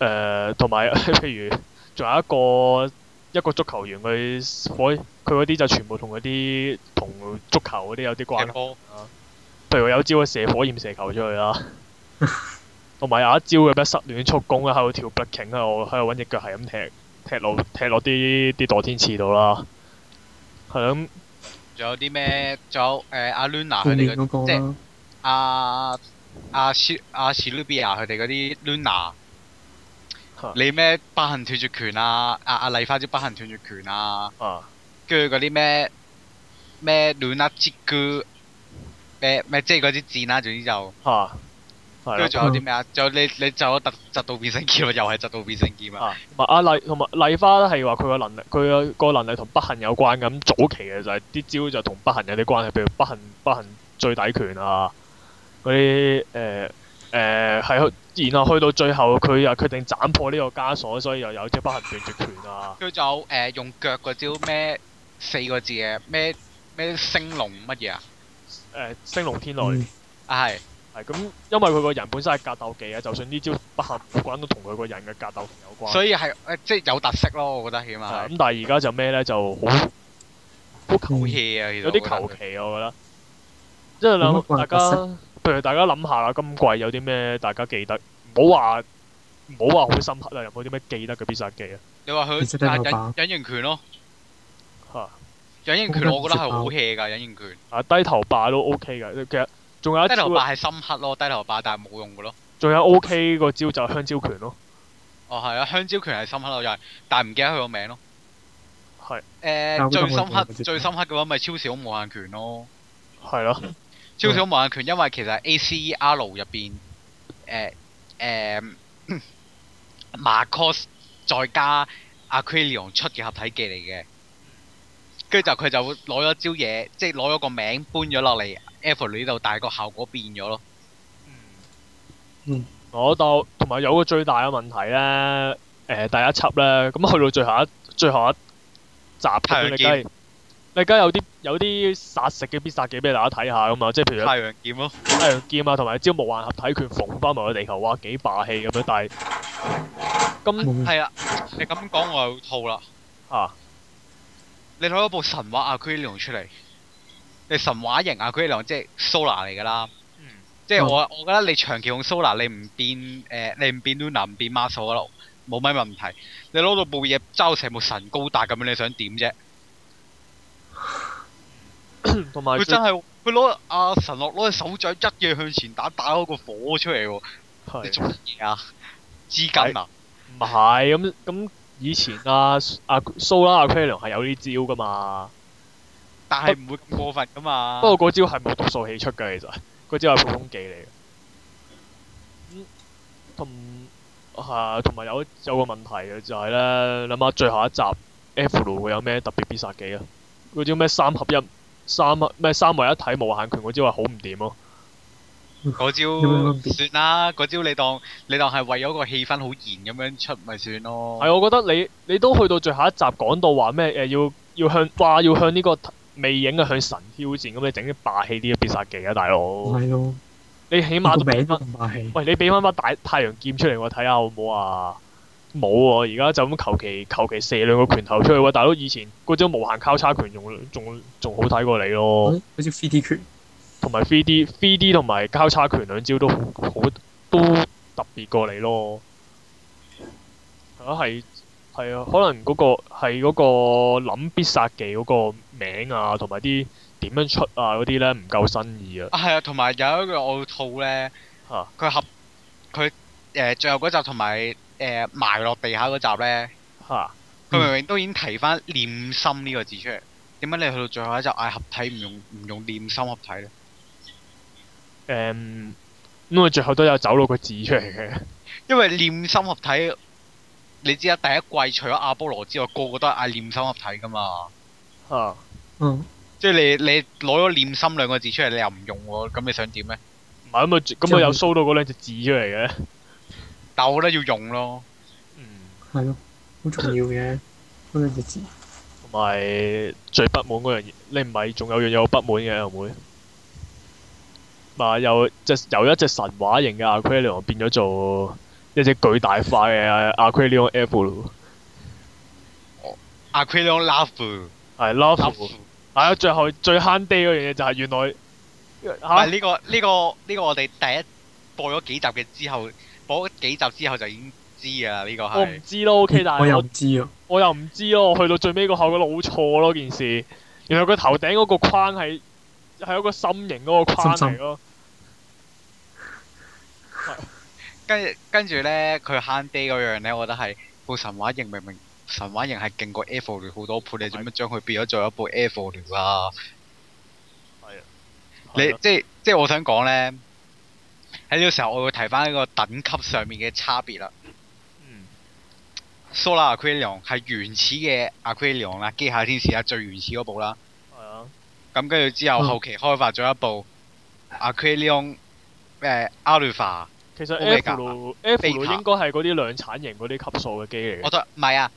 S1: 誒，同埋譬如仲有一個一個足球員佢，火佢嗰啲就全部同嗰啲同足球嗰啲有啲關係，譬 Apple. 如有招嘅射火焰射球出去啦。同埋 (laughs) 有，有一招嘅咩失戀速攻咧，喺度跳壁艇啊！喺度搵隻腳係咁踢，踢落踢落啲啲墮天池度啦。係咁，
S2: 仲有啲咩？仲有誒，阿 Luna 佢哋嗰即係阿阿阿 s h u 佢哋嗰啲 Luna。你咩八行斷絕拳啊？阿阿麗花蕉八行斷絕拳啊！跟住嗰啲咩咩 l u n a 咩咩即係嗰啲箭啦，總之就跟住仲有啲咩啊？就你你就有突突道變身劍啊！又係突到變身劍
S1: 啊！唔係啊，麗同埋麗花係話佢個能力，佢個能力同不幸有關咁。早期嘅就係、是、啲招就同不幸有啲關係，譬如不幸不幸最底拳啊，嗰啲誒誒係。然後去到最後，佢又決定斬破呢個枷鎖，所以又有隻不幸斷絕拳
S2: 啊。佢有誒、呃、用腳嗰招咩四個字嘅咩咩星龍乜嘢啊？誒星龍天雷啊係。係咁，因為佢個人本身係格鬥技啊，就算
S1: 呢招不合骨棍都同佢個人嘅格鬥有關。所以係
S2: 誒，即係有特色咯，我覺得起碼。咁
S1: 但係而家就咩咧，就好好求其啊，有啲求其啊，我覺得。
S2: 即係諗大家，
S1: 譬如大家諗下啦，今季有啲咩大家記得？唔好話唔好話好深刻啊！有冇啲咩記得嘅必殺技啊？
S2: 你話佢，但係隱形拳咯，吓隱形拳，我覺得係好 hea 噶，隱形
S1: 拳。啊，低頭霸都 OK 噶，其實。仲有低頭霸係
S2: 深刻咯，低頭霸但係冇用嘅咯。
S1: 仲有 O K 個招就係香蕉拳咯。
S2: 哦係啊，香蕉拳係深刻、就是、咯，就係是，呃、但係唔記得佢個名咯。係。誒，最深刻最深刻嘅話咪超小無限拳咯。係咯、啊，超小無限拳，嗯、因為其實 a c e r 入邊，誒、呃、誒，馬、呃、cos (laughs) 再加 Aquilion 出嘅合體技嚟嘅。跟住就佢就攞咗招嘢，即係攞咗個名搬咗落嚟。Effort 呢度大個效果變咗咯，嗯，
S1: 嗯、
S2: 我到
S1: 同埋有個最大嘅問題咧，誒、呃、第一輯咧，咁去到最後一最後一集，太陽劍，你梗係有啲有啲殺食嘅必殺技俾大家睇下噶嘛，即係譬如太陽劍咯，太陽劍啊，同埋招募幻合體拳縫翻埋個地球哇，幾霸
S2: 氣咁樣，但係咁係啊，你咁講我又套啦，吓、啊，你攞一部神話阿奎龍出嚟。你神話型啊奎良即係 Sona 嚟噶啦。嗯、即係我我覺得你長期用 Sona，你唔變誒你唔變 Luna 唔變 Muscle 咯，冇乜問題。你攞到部嘢揸到成部神高達咁樣，你想點啫？同埋佢真係佢攞阿神諾攞隻手掌，一嘢向前打，打開個火出嚟喎！你做乜嘢啊？支筋錯 in 啊？
S1: 唔係咁咁以前阿阿 Sona 阿奎良係有呢招噶嘛？啊但係唔會過
S2: 分㗎嘛。 (noise) 不過嗰招係
S1: 冇毒素氣出嘅，其實嗰招係普通技嚟嘅。同同埋有有，有個問題嘅就係咧，諗下最後一集《f、欸、l 會有咩特別必殺技啊？嗰招咩三合一三咩三維一體無限拳嗰招係好唔掂咯。
S2: 嗰招算啦，嗰招你當你當係為咗個氣氛好燃咁樣出，咪算咯。係， (noise) (noise)
S1: 我覺得你你都去到最後一集講到話咩誒？要要向話、啊、要向呢、呢個。未影啊！向神挑戰咁，你整啲霸氣啲嘅必殺技啊，大佬。係咯的，你起碼都俾翻霸氣。喂，你俾翻把大太陽劍出嚟，我睇下好唔好啊？冇喎，而家就咁求其求其射兩個拳頭出去。哇！大佬，以前嗰招無限交叉拳用仲仲好睇過你咯，啊、好似 three D 拳。同埋 three D，three D 同埋交叉拳兩招都好好都特別過你咯。啊，係係啊，可能嗰個係嗰個諗必殺技嗰個。名啊，同埋啲點樣出啊嗰啲咧，唔夠新意啊！
S2: 啊，係啊，同埋有一個奧套咧嚇，佢合佢誒、呃、最後嗰集同、呃、埋誒埋落地下嗰集咧嚇，佢哈明明都已經提返念心呢個字出嚟，點解你去到最後一集嗌合體唔用唔用念心合體咧？誒、嗯，因為最後都有走佬個字出嚟嘅，因為念心合體，你知啊，第一季除咗阿波羅之外，個個都嗌念心合體噶嘛。啊，嗯、uh.，即係你你攞咗念心兩個字出嚟，你又唔用喎，咁你想點呢？唔係咁，
S1: 咁我又搜到嗰兩隻字出嚟嘅，
S2: 但我覺得要用咯，嗯，
S1: 係咯， (laughs) 好重要嘅嗰兩隻字，同埋最不滿嗰樣嘢，你唔係仲有樣有不滿嘅，有冇？咪又隻又一隻神話型嘅 Aquarion 變咗做一隻巨大化嘅 Aquarion Evol，哦，Aquarion Love。係 love，係啊！ (laughs) 最後最 handy 嗰樣嘢就係原來，
S2: 係、啊、呢、呢個呢、呢個呢、呢個我哋第一播咗幾集嘅之後，播咗幾集之後就已經知噶啦呢個係、OK。我唔知咯
S1: ，OK，但係我又唔知啊，我又唔知咯。去到最尾個後，後，我好錯咯件事。原來佢頭頂嗰個框係係一個心形嗰個框嚟咯。跟
S2: 跟住咧，佢 handy 嗰樣咧，我覺得係部神話型，明唔明，明，明？神話型係勁過 Airflow 好多倍，你做乜將佢變咗做一部 Airflow 啊？係啊，啊你即係即係我想講咧，喺呢個時候我會提翻呢個等級上面嘅差別、嗯、啦，啦。Solar Aquilion 係原始嘅 Aquilion 啦，機械天使啊最原始嗰部啦。咁跟住之後後期開發咗一部 Aquilion 咩 a、嗯呃、l p 其實 Omega, Airflow Airflow 應該係嗰啲量產型嗰啲級數嘅機嚟嘅。我覺得唔係啊。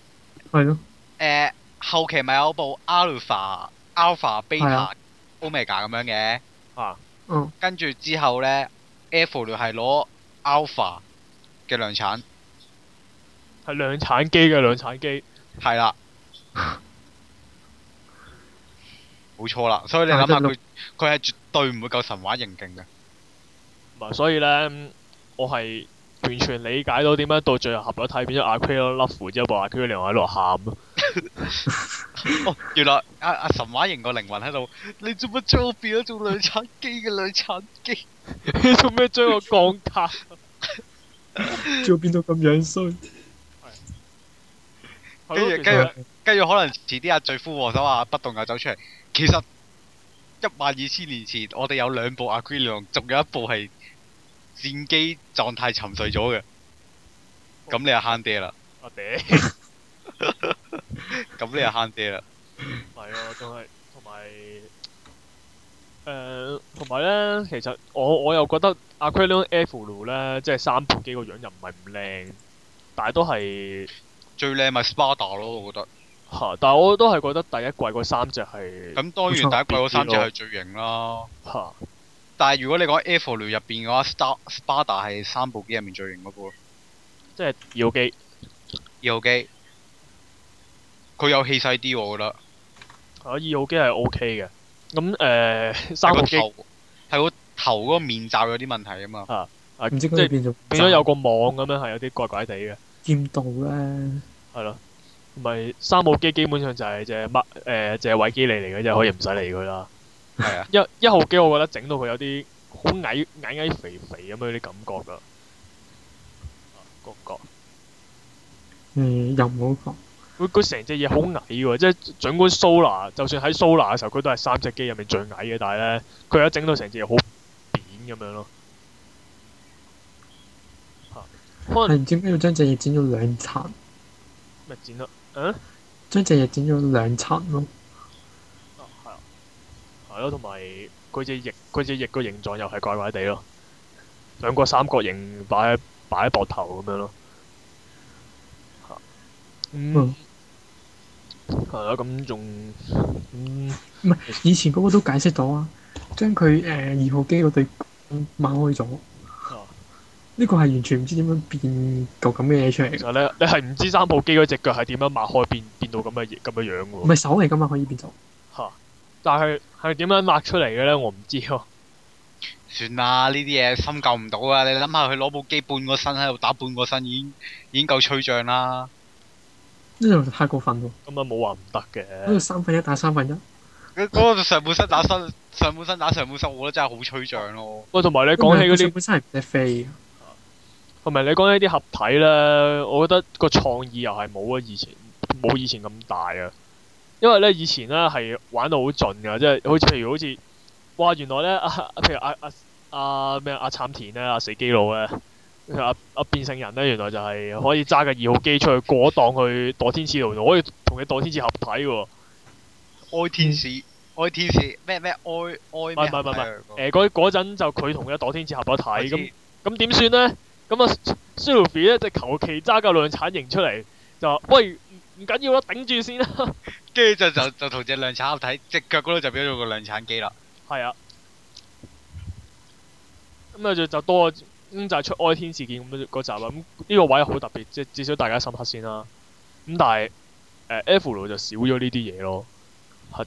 S2: 係咯，誒是、呃，後期咪有部 alpha, alpha beta, 的、alpha、beta、omega 咁樣嘅，啊，嗯，跟住之後咧，F 聯係攞 alpha 嘅量產，係量產機嘅量產機，係啦了，冇錯啦，所以你諗下佢佢係絕對唔會夠神話型勁嘅，唔係、嗯，所以咧、嗯，我係。完全
S1: 理解到點樣到最後合咗體，變咗阿奎羅甩褲之後，部阿奎羅娘喺度喊。
S2: 原來阿阿、啊啊、神話型個靈魂喺度，你做乜將我變咗做量產機嘅量產機？你做咩將我降級？
S3: 將我 (laughs) 變到咁樣衰？
S2: 跟住跟住跟住，可能遲啲阿罪夫手話：不動又走出嚟。其實一萬二千年前，我哋有兩部阿奎羅，仲有一部係。戰機狀態沉睡咗嘅，咁、嗯、你又慳爹啦！阿、啊、爹，咁 (laughs) (laughs) 你又慳爹啦！
S1: 係 (laughs) 啊，仲係同埋誒，同埋咧，其實我我又覺得 Aquarion EVOL 咧，即係三部機個樣又
S2: 唔係唔靚，但係都係最靚咪 Sparta 咯，我覺得
S1: 吓。但係我都係覺得第一季嗰三隻係咁，當然第一季嗰三隻係、啊、最
S2: 型啦吓。但係如果你講《Avol》入邊嘅話，《Star Sparta》係三部機入面最型嗰部咯，即係二號機二號機，佢有氣勢啲，我覺得。啊，二號機係 O K 嘅。咁誒，三部機係個頭嗰個頭面罩有啲問題嘛啊嘛。啊，唔、
S1: 啊、即知即係變咗有個網咁樣，係有啲怪怪地嘅。
S3: 見到咧，
S1: 係咯，同埋三部機基本上就係隻麥誒，隻、呃、維、就是、基利嚟嘅，即可以唔使理佢啦。嗯係啊， (laughs) 一一號機我覺得整到佢有啲好矮矮矮肥肥咁樣啲感覺噶、啊，覺
S3: 唔覺？嗯，又唔好講。
S1: 佢佢成隻嘢好矮喎，即係盡管 solar，就算喺 solar 嘅時候，佢都係三隻機入面最矮嘅。但係咧，佢一整到成隻嘢好扁咁樣咯、啊。可能你
S3: 唔知點解要將隻嘢剪咗兩層。
S1: 咪剪咯，嗯、啊？
S3: 將隻嘢剪咗兩層咯。
S1: 係咯，同埋佢隻翼，佢隻翼個形狀又係怪怪地咯，兩個三角形擺擺喺膊頭咁樣咯、
S3: 啊。嗯，
S1: 係咯、啊啊，咁仲
S3: 唔係？嗯、以前嗰個都解釋到、呃、啊，將佢誒二號機嗰對擘開咗。呢個係完全唔知點樣變到咁嘅嘢出嚟嘅。其實
S1: 咧，你你係唔知三號機嗰隻腳係點樣擘開變變到咁嘅咁
S2: 嘅樣唔
S3: 係手嚟咁樣可以變到。
S2: 吓。啊但係係點樣擘出嚟嘅呢？我唔知哦。算啦，呢啲嘢深究唔到啊！你諗下，佢攞部機半個身喺度打半個身已經，已經夠吹脹啦。
S3: 呢樣太過分咯。
S2: 咁咪冇話唔得嘅。三
S3: 分一打三分一，
S2: 嗰個上半身， (laughs) 身打上身，啊啊、 (laughs) 上半身打上半身，我覺得真係好吹脹咯。我同埋你講起嗰啲上半身唔得
S3: 飛。
S1: 同埋你講起啲合體咧，我覺得個創意又係冇啊。以前冇以前咁大啊。因為咧以前咧係玩到好盡噶，即係好似譬如好似，哇原來咧啊，譬如阿阿阿咩阿杉田咧，阿死基佬咧，阿阿變性人咧，原來就係可以揸架二號機出去過檔去墮天使度，可以同佢墮天使合體喎。
S2: 愛天使，愛天使，咩咩愛愛，唔係唔係唔
S1: 係，誒嗰嗰陣就佢同佢墮天使合咗體咁，咁點算咧？咁啊
S2: ，Sylvie 咧就求其揸架量產型出嚟，就話喂唔唔緊要啦，頂住先啦。跟住就就同隻量產合體隻
S1: 腳嗰度就變咗做個量產機啦。係啊，咁、嗯、啊就就多咁、嗯、就係、出哀天事件咁嗰集啦。咁、嗯、呢、呢個位好特別，即係至少大家深刻先啦。咁、嗯、但係誒 F 路就少咗呢啲嘢咯，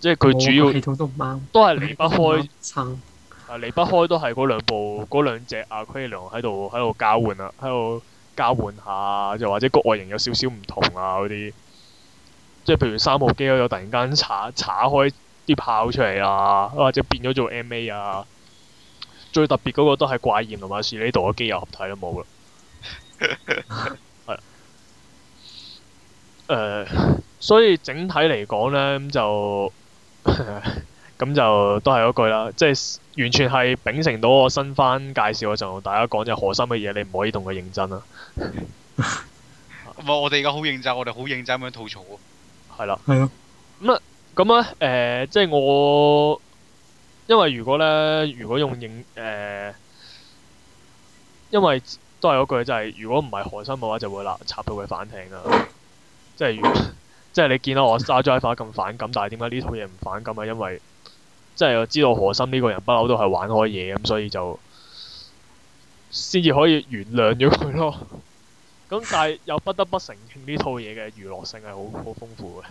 S1: 即係佢主要都
S3: 慢，都係離不開。
S1: 啊，離不開都係嗰兩部嗰兩隻阿奎良喺度喺度交換啦，喺度交換下，又或者個外形有少少唔同啊嗰啲。即係譬如三號機又突然間查炒開啲炮出嚟啊，或者變咗做 M A 啊，最特別嗰個都係怪彥同埋史呢度嘅機友合體都冇啦。係， (laughs) (laughs) 誒、呃，所以整體嚟講呢，咁就咁 (laughs) 就都係嗰句啦，即、就、係、是、完全係秉承到我新番介紹嘅就同大家講就核心嘅嘢，你唔可以同佢認真啦。
S2: 唔係，我哋而家好認真，我哋好認真咁樣吐槽。係啦，係
S1: 咯，咁啊、嗯，咁咧，誒、呃，即係我，因為如果咧，如果用影，誒、呃，因為都係嗰句，就係、是、如果唔係何心嘅話，就會鬧插到佢反艇啊！即係， (laughs) 即係你見到我沙裝化咁反感，但係點解呢套嘢唔反感啊？就是、因為即係我知道何心呢個人不嬲都係玩開嘢咁，所以就先至可以原諒咗佢咯。咁但係又不得不承認呢套嘢嘅娛樂性係好好豐富嘅，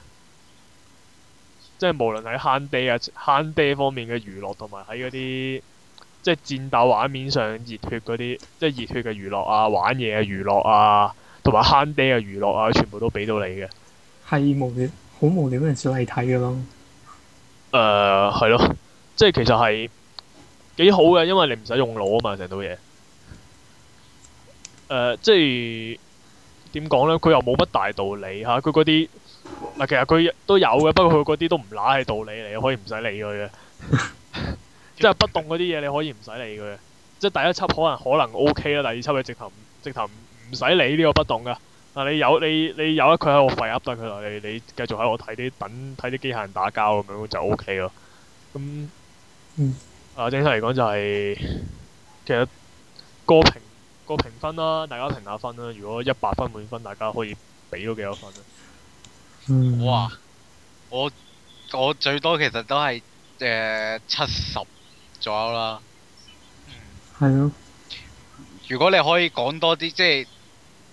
S1: 即係無論喺坑爹啊、坑爹方面嘅娛樂，同埋喺嗰啲即係戰鬥畫面上熱血嗰啲，即係熱血嘅娛樂啊、玩嘢嘅娛樂啊，同埋坑爹嘅娛樂啊，全部都俾到你嘅。
S3: 係無聊，好無聊嗰陣時嚟睇嘅咯。誒，
S1: 係咯，即係其實係幾好嘅，因為你唔使用腦啊嘛，成套嘢。誒，uh，即係。點講呢？佢又冇乜大道理吓，佢嗰啲嗱，其實佢都有嘅，不過佢嗰啲都唔乸係道理嚟，可以唔使理佢嘅， (laughs) 即係不動嗰啲嘢，你可以唔使理佢嘅。即係第一輯可能可能 O K 啦，第二輯你直頭直頭唔使理呢個不動噶。嗱，你有你你有啊，佢喺我肺噏得佢落嚟，你繼續喺我睇啲等睇啲機械人打交咁樣就 O K 咯。咁嗯，啊整體嚟講就係、是、其實歌評。個評分啦、啊，大家評下分啦、
S2: 啊。如果一百分滿分，大家可以俾到幾多分啊？嗯，哇，我我最多其實都係誒七十左右啦。嗯，
S3: 係咯。
S2: 如果你可以講多啲，即係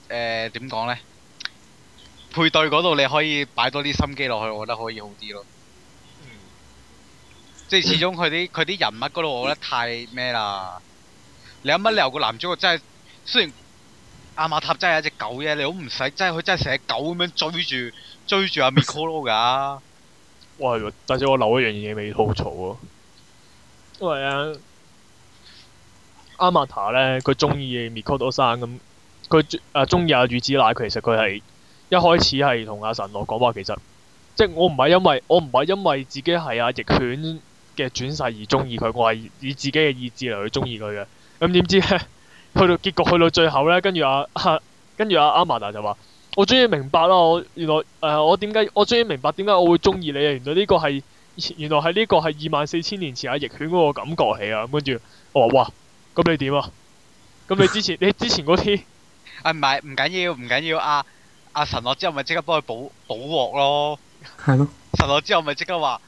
S2: 誒點講呢？配對嗰度你可以擺多啲心機落去，我覺得可以好啲咯。嗯。即係始終佢啲佢啲人物嗰度，我覺得太咩啦。你有乜理由個男主角真係？雖然阿瑪塔真係一隻狗啫，你好唔使，真係佢真係成隻狗咁樣追住追住阿米科多㗎、啊。喂， (laughs) 但係我留一樣嘢未吐槽啊，
S1: 因為阿阿瑪塔咧，佢中意阿米科多生咁，佢啊中意阿乳子奶，其實佢係一開始係同阿神羅講話，其實即係我唔係因為，我唔係因為自己係阿逆犬嘅轉世而中意佢，我係以，以自己嘅意志嚟去中意佢嘅。咁點知 (laughs) 去到結局，去到最後咧，跟住、啊啊啊、阿跟住阿阿瑪達就話：我終於明白啦，我原來誒、呃，我點解我終於明白點解我會中意你啊？原來呢個係原來係呢個係二萬四千年前阿、啊、逆犬嗰個感覺嚟啊！咁跟住我話：哇，咁你點啊？咁你之前 (laughs) 你之前嗰啲
S2: 唔係唔緊要，唔緊要，阿阿、啊啊啊、神樂之後咪即刻幫佢補補鑊咯，係咯的？神樂之後咪即刻話：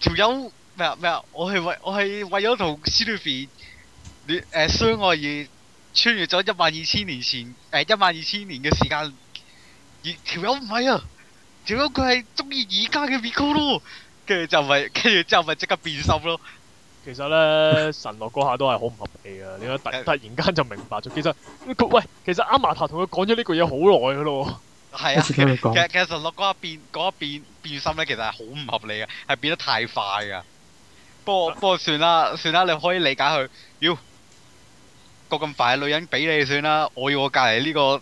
S2: 條友咩啊咩啊？我係為我係為咗條書 y 你誒相愛而。穿越咗一萬二千年前，誒、欸，一萬二千年嘅時間，而條友唔係啊，條友佢係中意而家嘅 v i 面孔咯，跟住就咪，跟住之後咪即刻變心咯。其實咧，
S1: 神樂嗰下都係好唔合理啊。點解突突然間就明白咗？其實、呃，喂，其實阿瑪塔同佢講咗呢句嘢好耐噶咯。
S2: 係啊其，其實神樂嗰下變，嗰變變，變，變心咧，其實係好唔合理啊，係變得太快噶。不過不過算啦，算啦，你可以理解佢。要、呃。個咁煩嘅女人俾你算啦，我要我隔籬呢個，誒、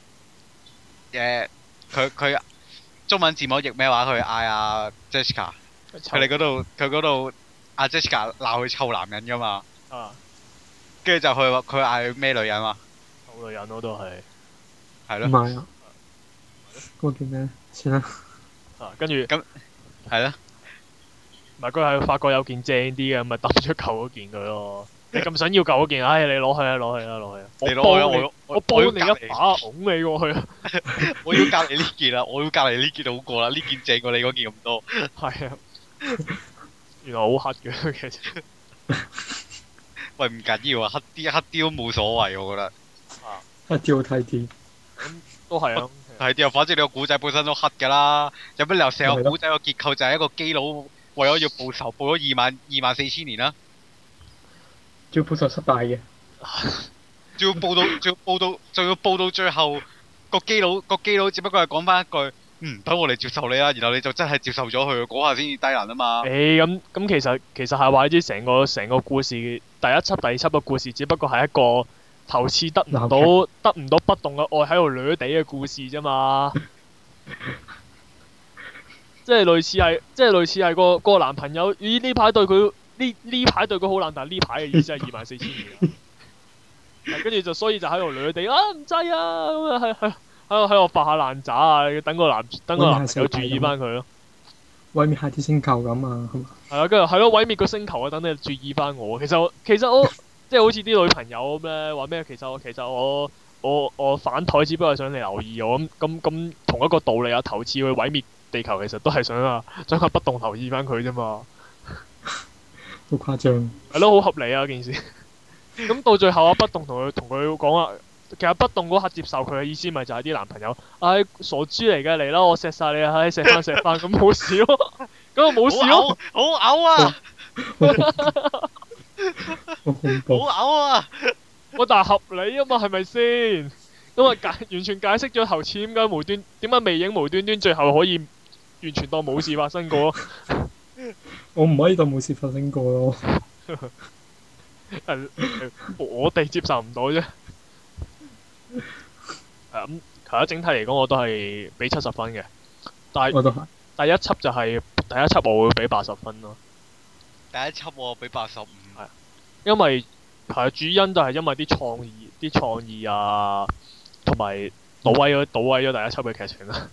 S2: yeah.，佢佢中文字母譯咩話？佢嗌阿 Jessica，佢哋嗰度佢嗰度阿 Jessica 鬧佢臭男人㗎嘛，啊，跟住就佢佢嗌咩女人嘛，臭女人我都係，係咯，唔係啊，
S3: 嗰件咩？算啦，
S2: 啊，跟住咁
S1: 係啦，唔係佢係法國有件正啲嘅，咪抌咗舊嗰件佢咯。你咁想要舊件，唉、哎，你攞去啦，攞去啦，攞去啦！你攞去啊，我我咗要你一把，拱你過去啊
S2: (laughs) 我要隔離呢件啦，我要隔離呢件好過啦，呢件正過你嗰件咁多。係啊，原來好黑嘅，其實。 (laughs) 喂，唔緊要啊，黑啲黑啲都冇所謂，我覺得。黑黑黑
S3: 啊，黑啲好睇啲。咁
S2: 都係啊，係啲啊，反正你個古仔本身都黑噶啦。有乜理由成個古仔個結構就係一個基佬為咗要，是 (laughs) 要報仇，報咗二萬二萬四千年啦？
S3: 要報仇失敗
S2: 嘅，仲 (laughs) 要報到，仲 (laughs) 要報到，仲要報到最後個基佬，個基佬只不過係講返一句，嗯，等我嚟接受你啦，然後你就真係接受咗佢，嗰下先至低能啊嘛。誒、
S1: 欸，咁、嗯、咁、嗯、其實其實係話啲成個成個故事，第一輯第二輯嘅故事，只不過係一個頭次得唔到性得唔到不動嘅愛喺度攣地嘅故事啫嘛。 (laughs) 即係類似係，即係類似係個、那個男朋友，咦呢排對佢。呢呢排對佢好冷，但係呢排嘅意思係二萬四千年。跟住 (laughs) 就所以就喺度兩地啊唔制啊，咁啊喺喺喺度發下爛渣啊，等個男等個男朋友注意翻佢
S3: 咯。毀滅下啲星球咁啊，
S1: 係啊，跟住係咯，毀滅個星球啊，等你注意翻我。其實我其實我即係好似啲女朋友咁咧，話咩？其實我其實我我我反台，只不過係想你留意我咁咁咁同一個道理啊，頭次去毀滅地球，其實都係想啊，想佢不動留意翻佢啫嘛。好誇張，係咯，好合理啊件事。咁到最後啊，不動同佢同佢講啊，其實不動嗰刻接受佢嘅意思，咪就係啲男朋友，唉，傻豬嚟嘅嚟啦，我錫晒你，唉，錫返錫返咁冇事咯，咁啊冇事
S2: 咯，好嘔啊，
S3: 好
S1: 嘔啊，我但係合理啊嘛，係咪先？咁為解完全解釋咗頭次點解無端點解未影無端端最後可以完全當冇事發生過。
S3: 我唔可以當冇事發生過
S1: 咯。 (laughs) (laughs) 我哋接受唔到啫。咁，其實整體嚟講，我都係俾七十分嘅。但我都係。第一輯就係第一輯，我會俾八十分咯。
S2: 第一輯我俾八十五。係。 (laughs)
S1: 因為其實主因，就係因為啲創意、啲創意啊，同埋倒位咗、倒位咗第一輯嘅劇情啦、啊。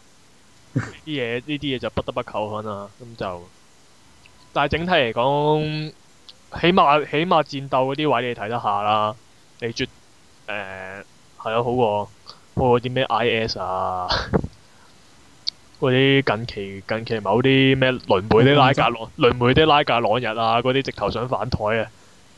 S1: 啲嘢呢啲嘢就不得不扣分啦、啊。咁就。但係整體嚟講，起碼起碼戰鬥嗰啲位你睇得下啦。你絕誒係、呃、啊，好過好過嗰啲咩 I.S. 啊，嗰 (laughs) 啲近期近期某啲咩輪迴啲拉格朗輪迴啲拉格朗日啊，嗰啲直頭想反台啊。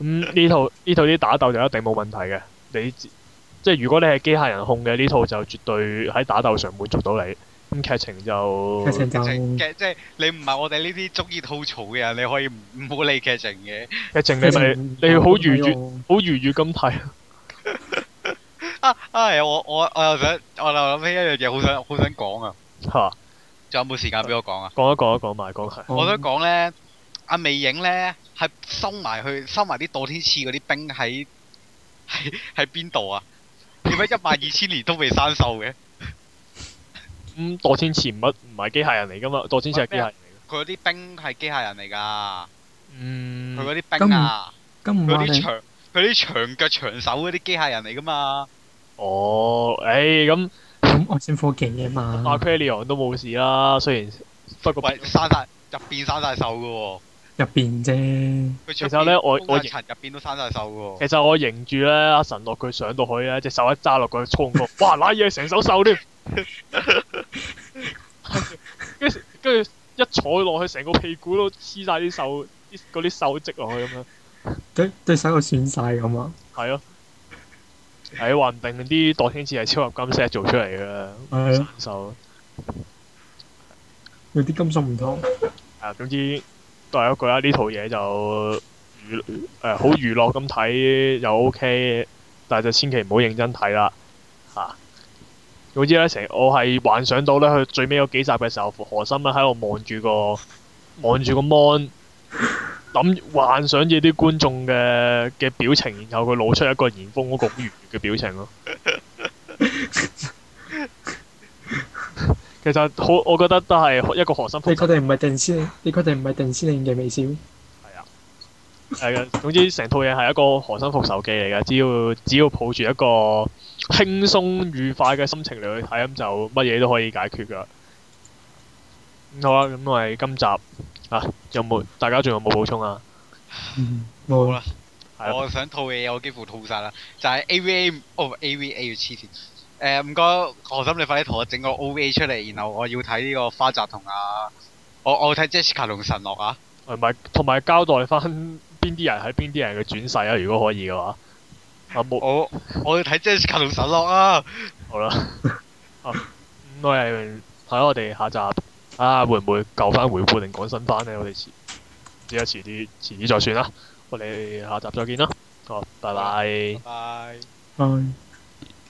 S1: 咁、嗯、呢套呢套啲打鬥就一定冇問題嘅。你即係如果你係機械人控嘅呢套就絕對喺打鬥上滿足到你。咁劇情就劇情劇
S2: 情劇即係你唔係我哋呢啲中意吐槽嘅人，你可以唔好理劇情嘅。劇情你咪你好愉悅，
S1: 好愉悅咁睇。
S2: 啊啊！我我我又想我又諗起一樣嘢，好想好想講啊！吓，仲有冇時間俾我講啊？講一講啊講埋講。我想講咧，阿美影咧係收埋去收埋啲墮天翅嗰啲兵喺喺喺邊度啊？點解一萬二千年都未生銹嘅？
S1: 咁墮天池唔乜唔係機械人嚟噶嘛？墮天池係機械人
S2: 嚟。佢啲兵係機械人嚟噶。
S1: 嗯。佢嗰啲兵啊。佢啲
S2: 長佢啲長腳長手嗰啲機械人嚟噶嘛？哦，誒、欸，咁
S1: 咁、嗯、外星科技啊嘛。a q u a 都冇事啦，雖然不過。生晒
S2: 入邊生晒手噶喎、
S1: 哦。入邊啫。其實咧，我我
S2: 入邊都生晒手噶。其
S1: 實我迎住咧，阿神落佢上到去咧，隻手一揸落佢去沖谷， (laughs) 哇，瀨嘢成手瘦添。 (laughs) 跟住，跟住 (laughs) 一坐落去，成個屁股都黐晒啲手，啲嗰啲手跡落去咁樣，對對手
S3: 又損晒咁啊！
S1: 係、哎、咯，係話唔定啲代天使係超合金色做出嚟嘅，手、
S3: 哎、呀秀有啲金屬唔同。
S1: 啊，總之都係一句啦，呢套嘢就娛誒、呃、好娛樂咁睇又 OK，但係就千祈唔好認真睇啦，吓、啊。總之咧，成日我係幻想到咧，佢最尾有幾集嘅時候，何心呢喺度望住個望住個 mon，諗幻想住啲觀眾嘅嘅表情，然後佢露出一個嚴峰嗰個圓嘅表情咯。 (laughs) 其實好，我覺得都係一個何心你。你確定唔係鄧
S3: 先？你確定唔係鄧先令嘅微笑？
S1: 係嘅、嗯，總之成套嘢係一個何生復仇記嚟嘅。只要只要抱住一個輕鬆愉快嘅心情嚟去睇，咁就乜嘢都可以解決噶、嗯。好啦，咁我哋今集啊，有冇大家仲有冇補充啊？
S3: 冇啦、嗯，
S2: 啊、我想套嘢我幾乎套晒啦，就係、是、A V A、哦、A 哦 A V A 要黐線誒，唔、呃、該何生，你快啲同我整個 O V A 出嚟，然後我要睇呢個花澤同阿我我睇 Jessica 同神樂啊，同埋
S1: 同埋交代翻。邊
S2: 啲人喺邊啲人嘅轉世啊？
S1: 如果可以嘅話，啊冇，我我要睇 Jessica 同神樂啊！好啦了、 (laughs) 啊，啊，我哋下我哋下集啊，會唔會救翻回顧定講新番呢？我哋遲，只有遲啲，遲啲再算啦。我哋下集再見啦，好，拜拜，拜，拜。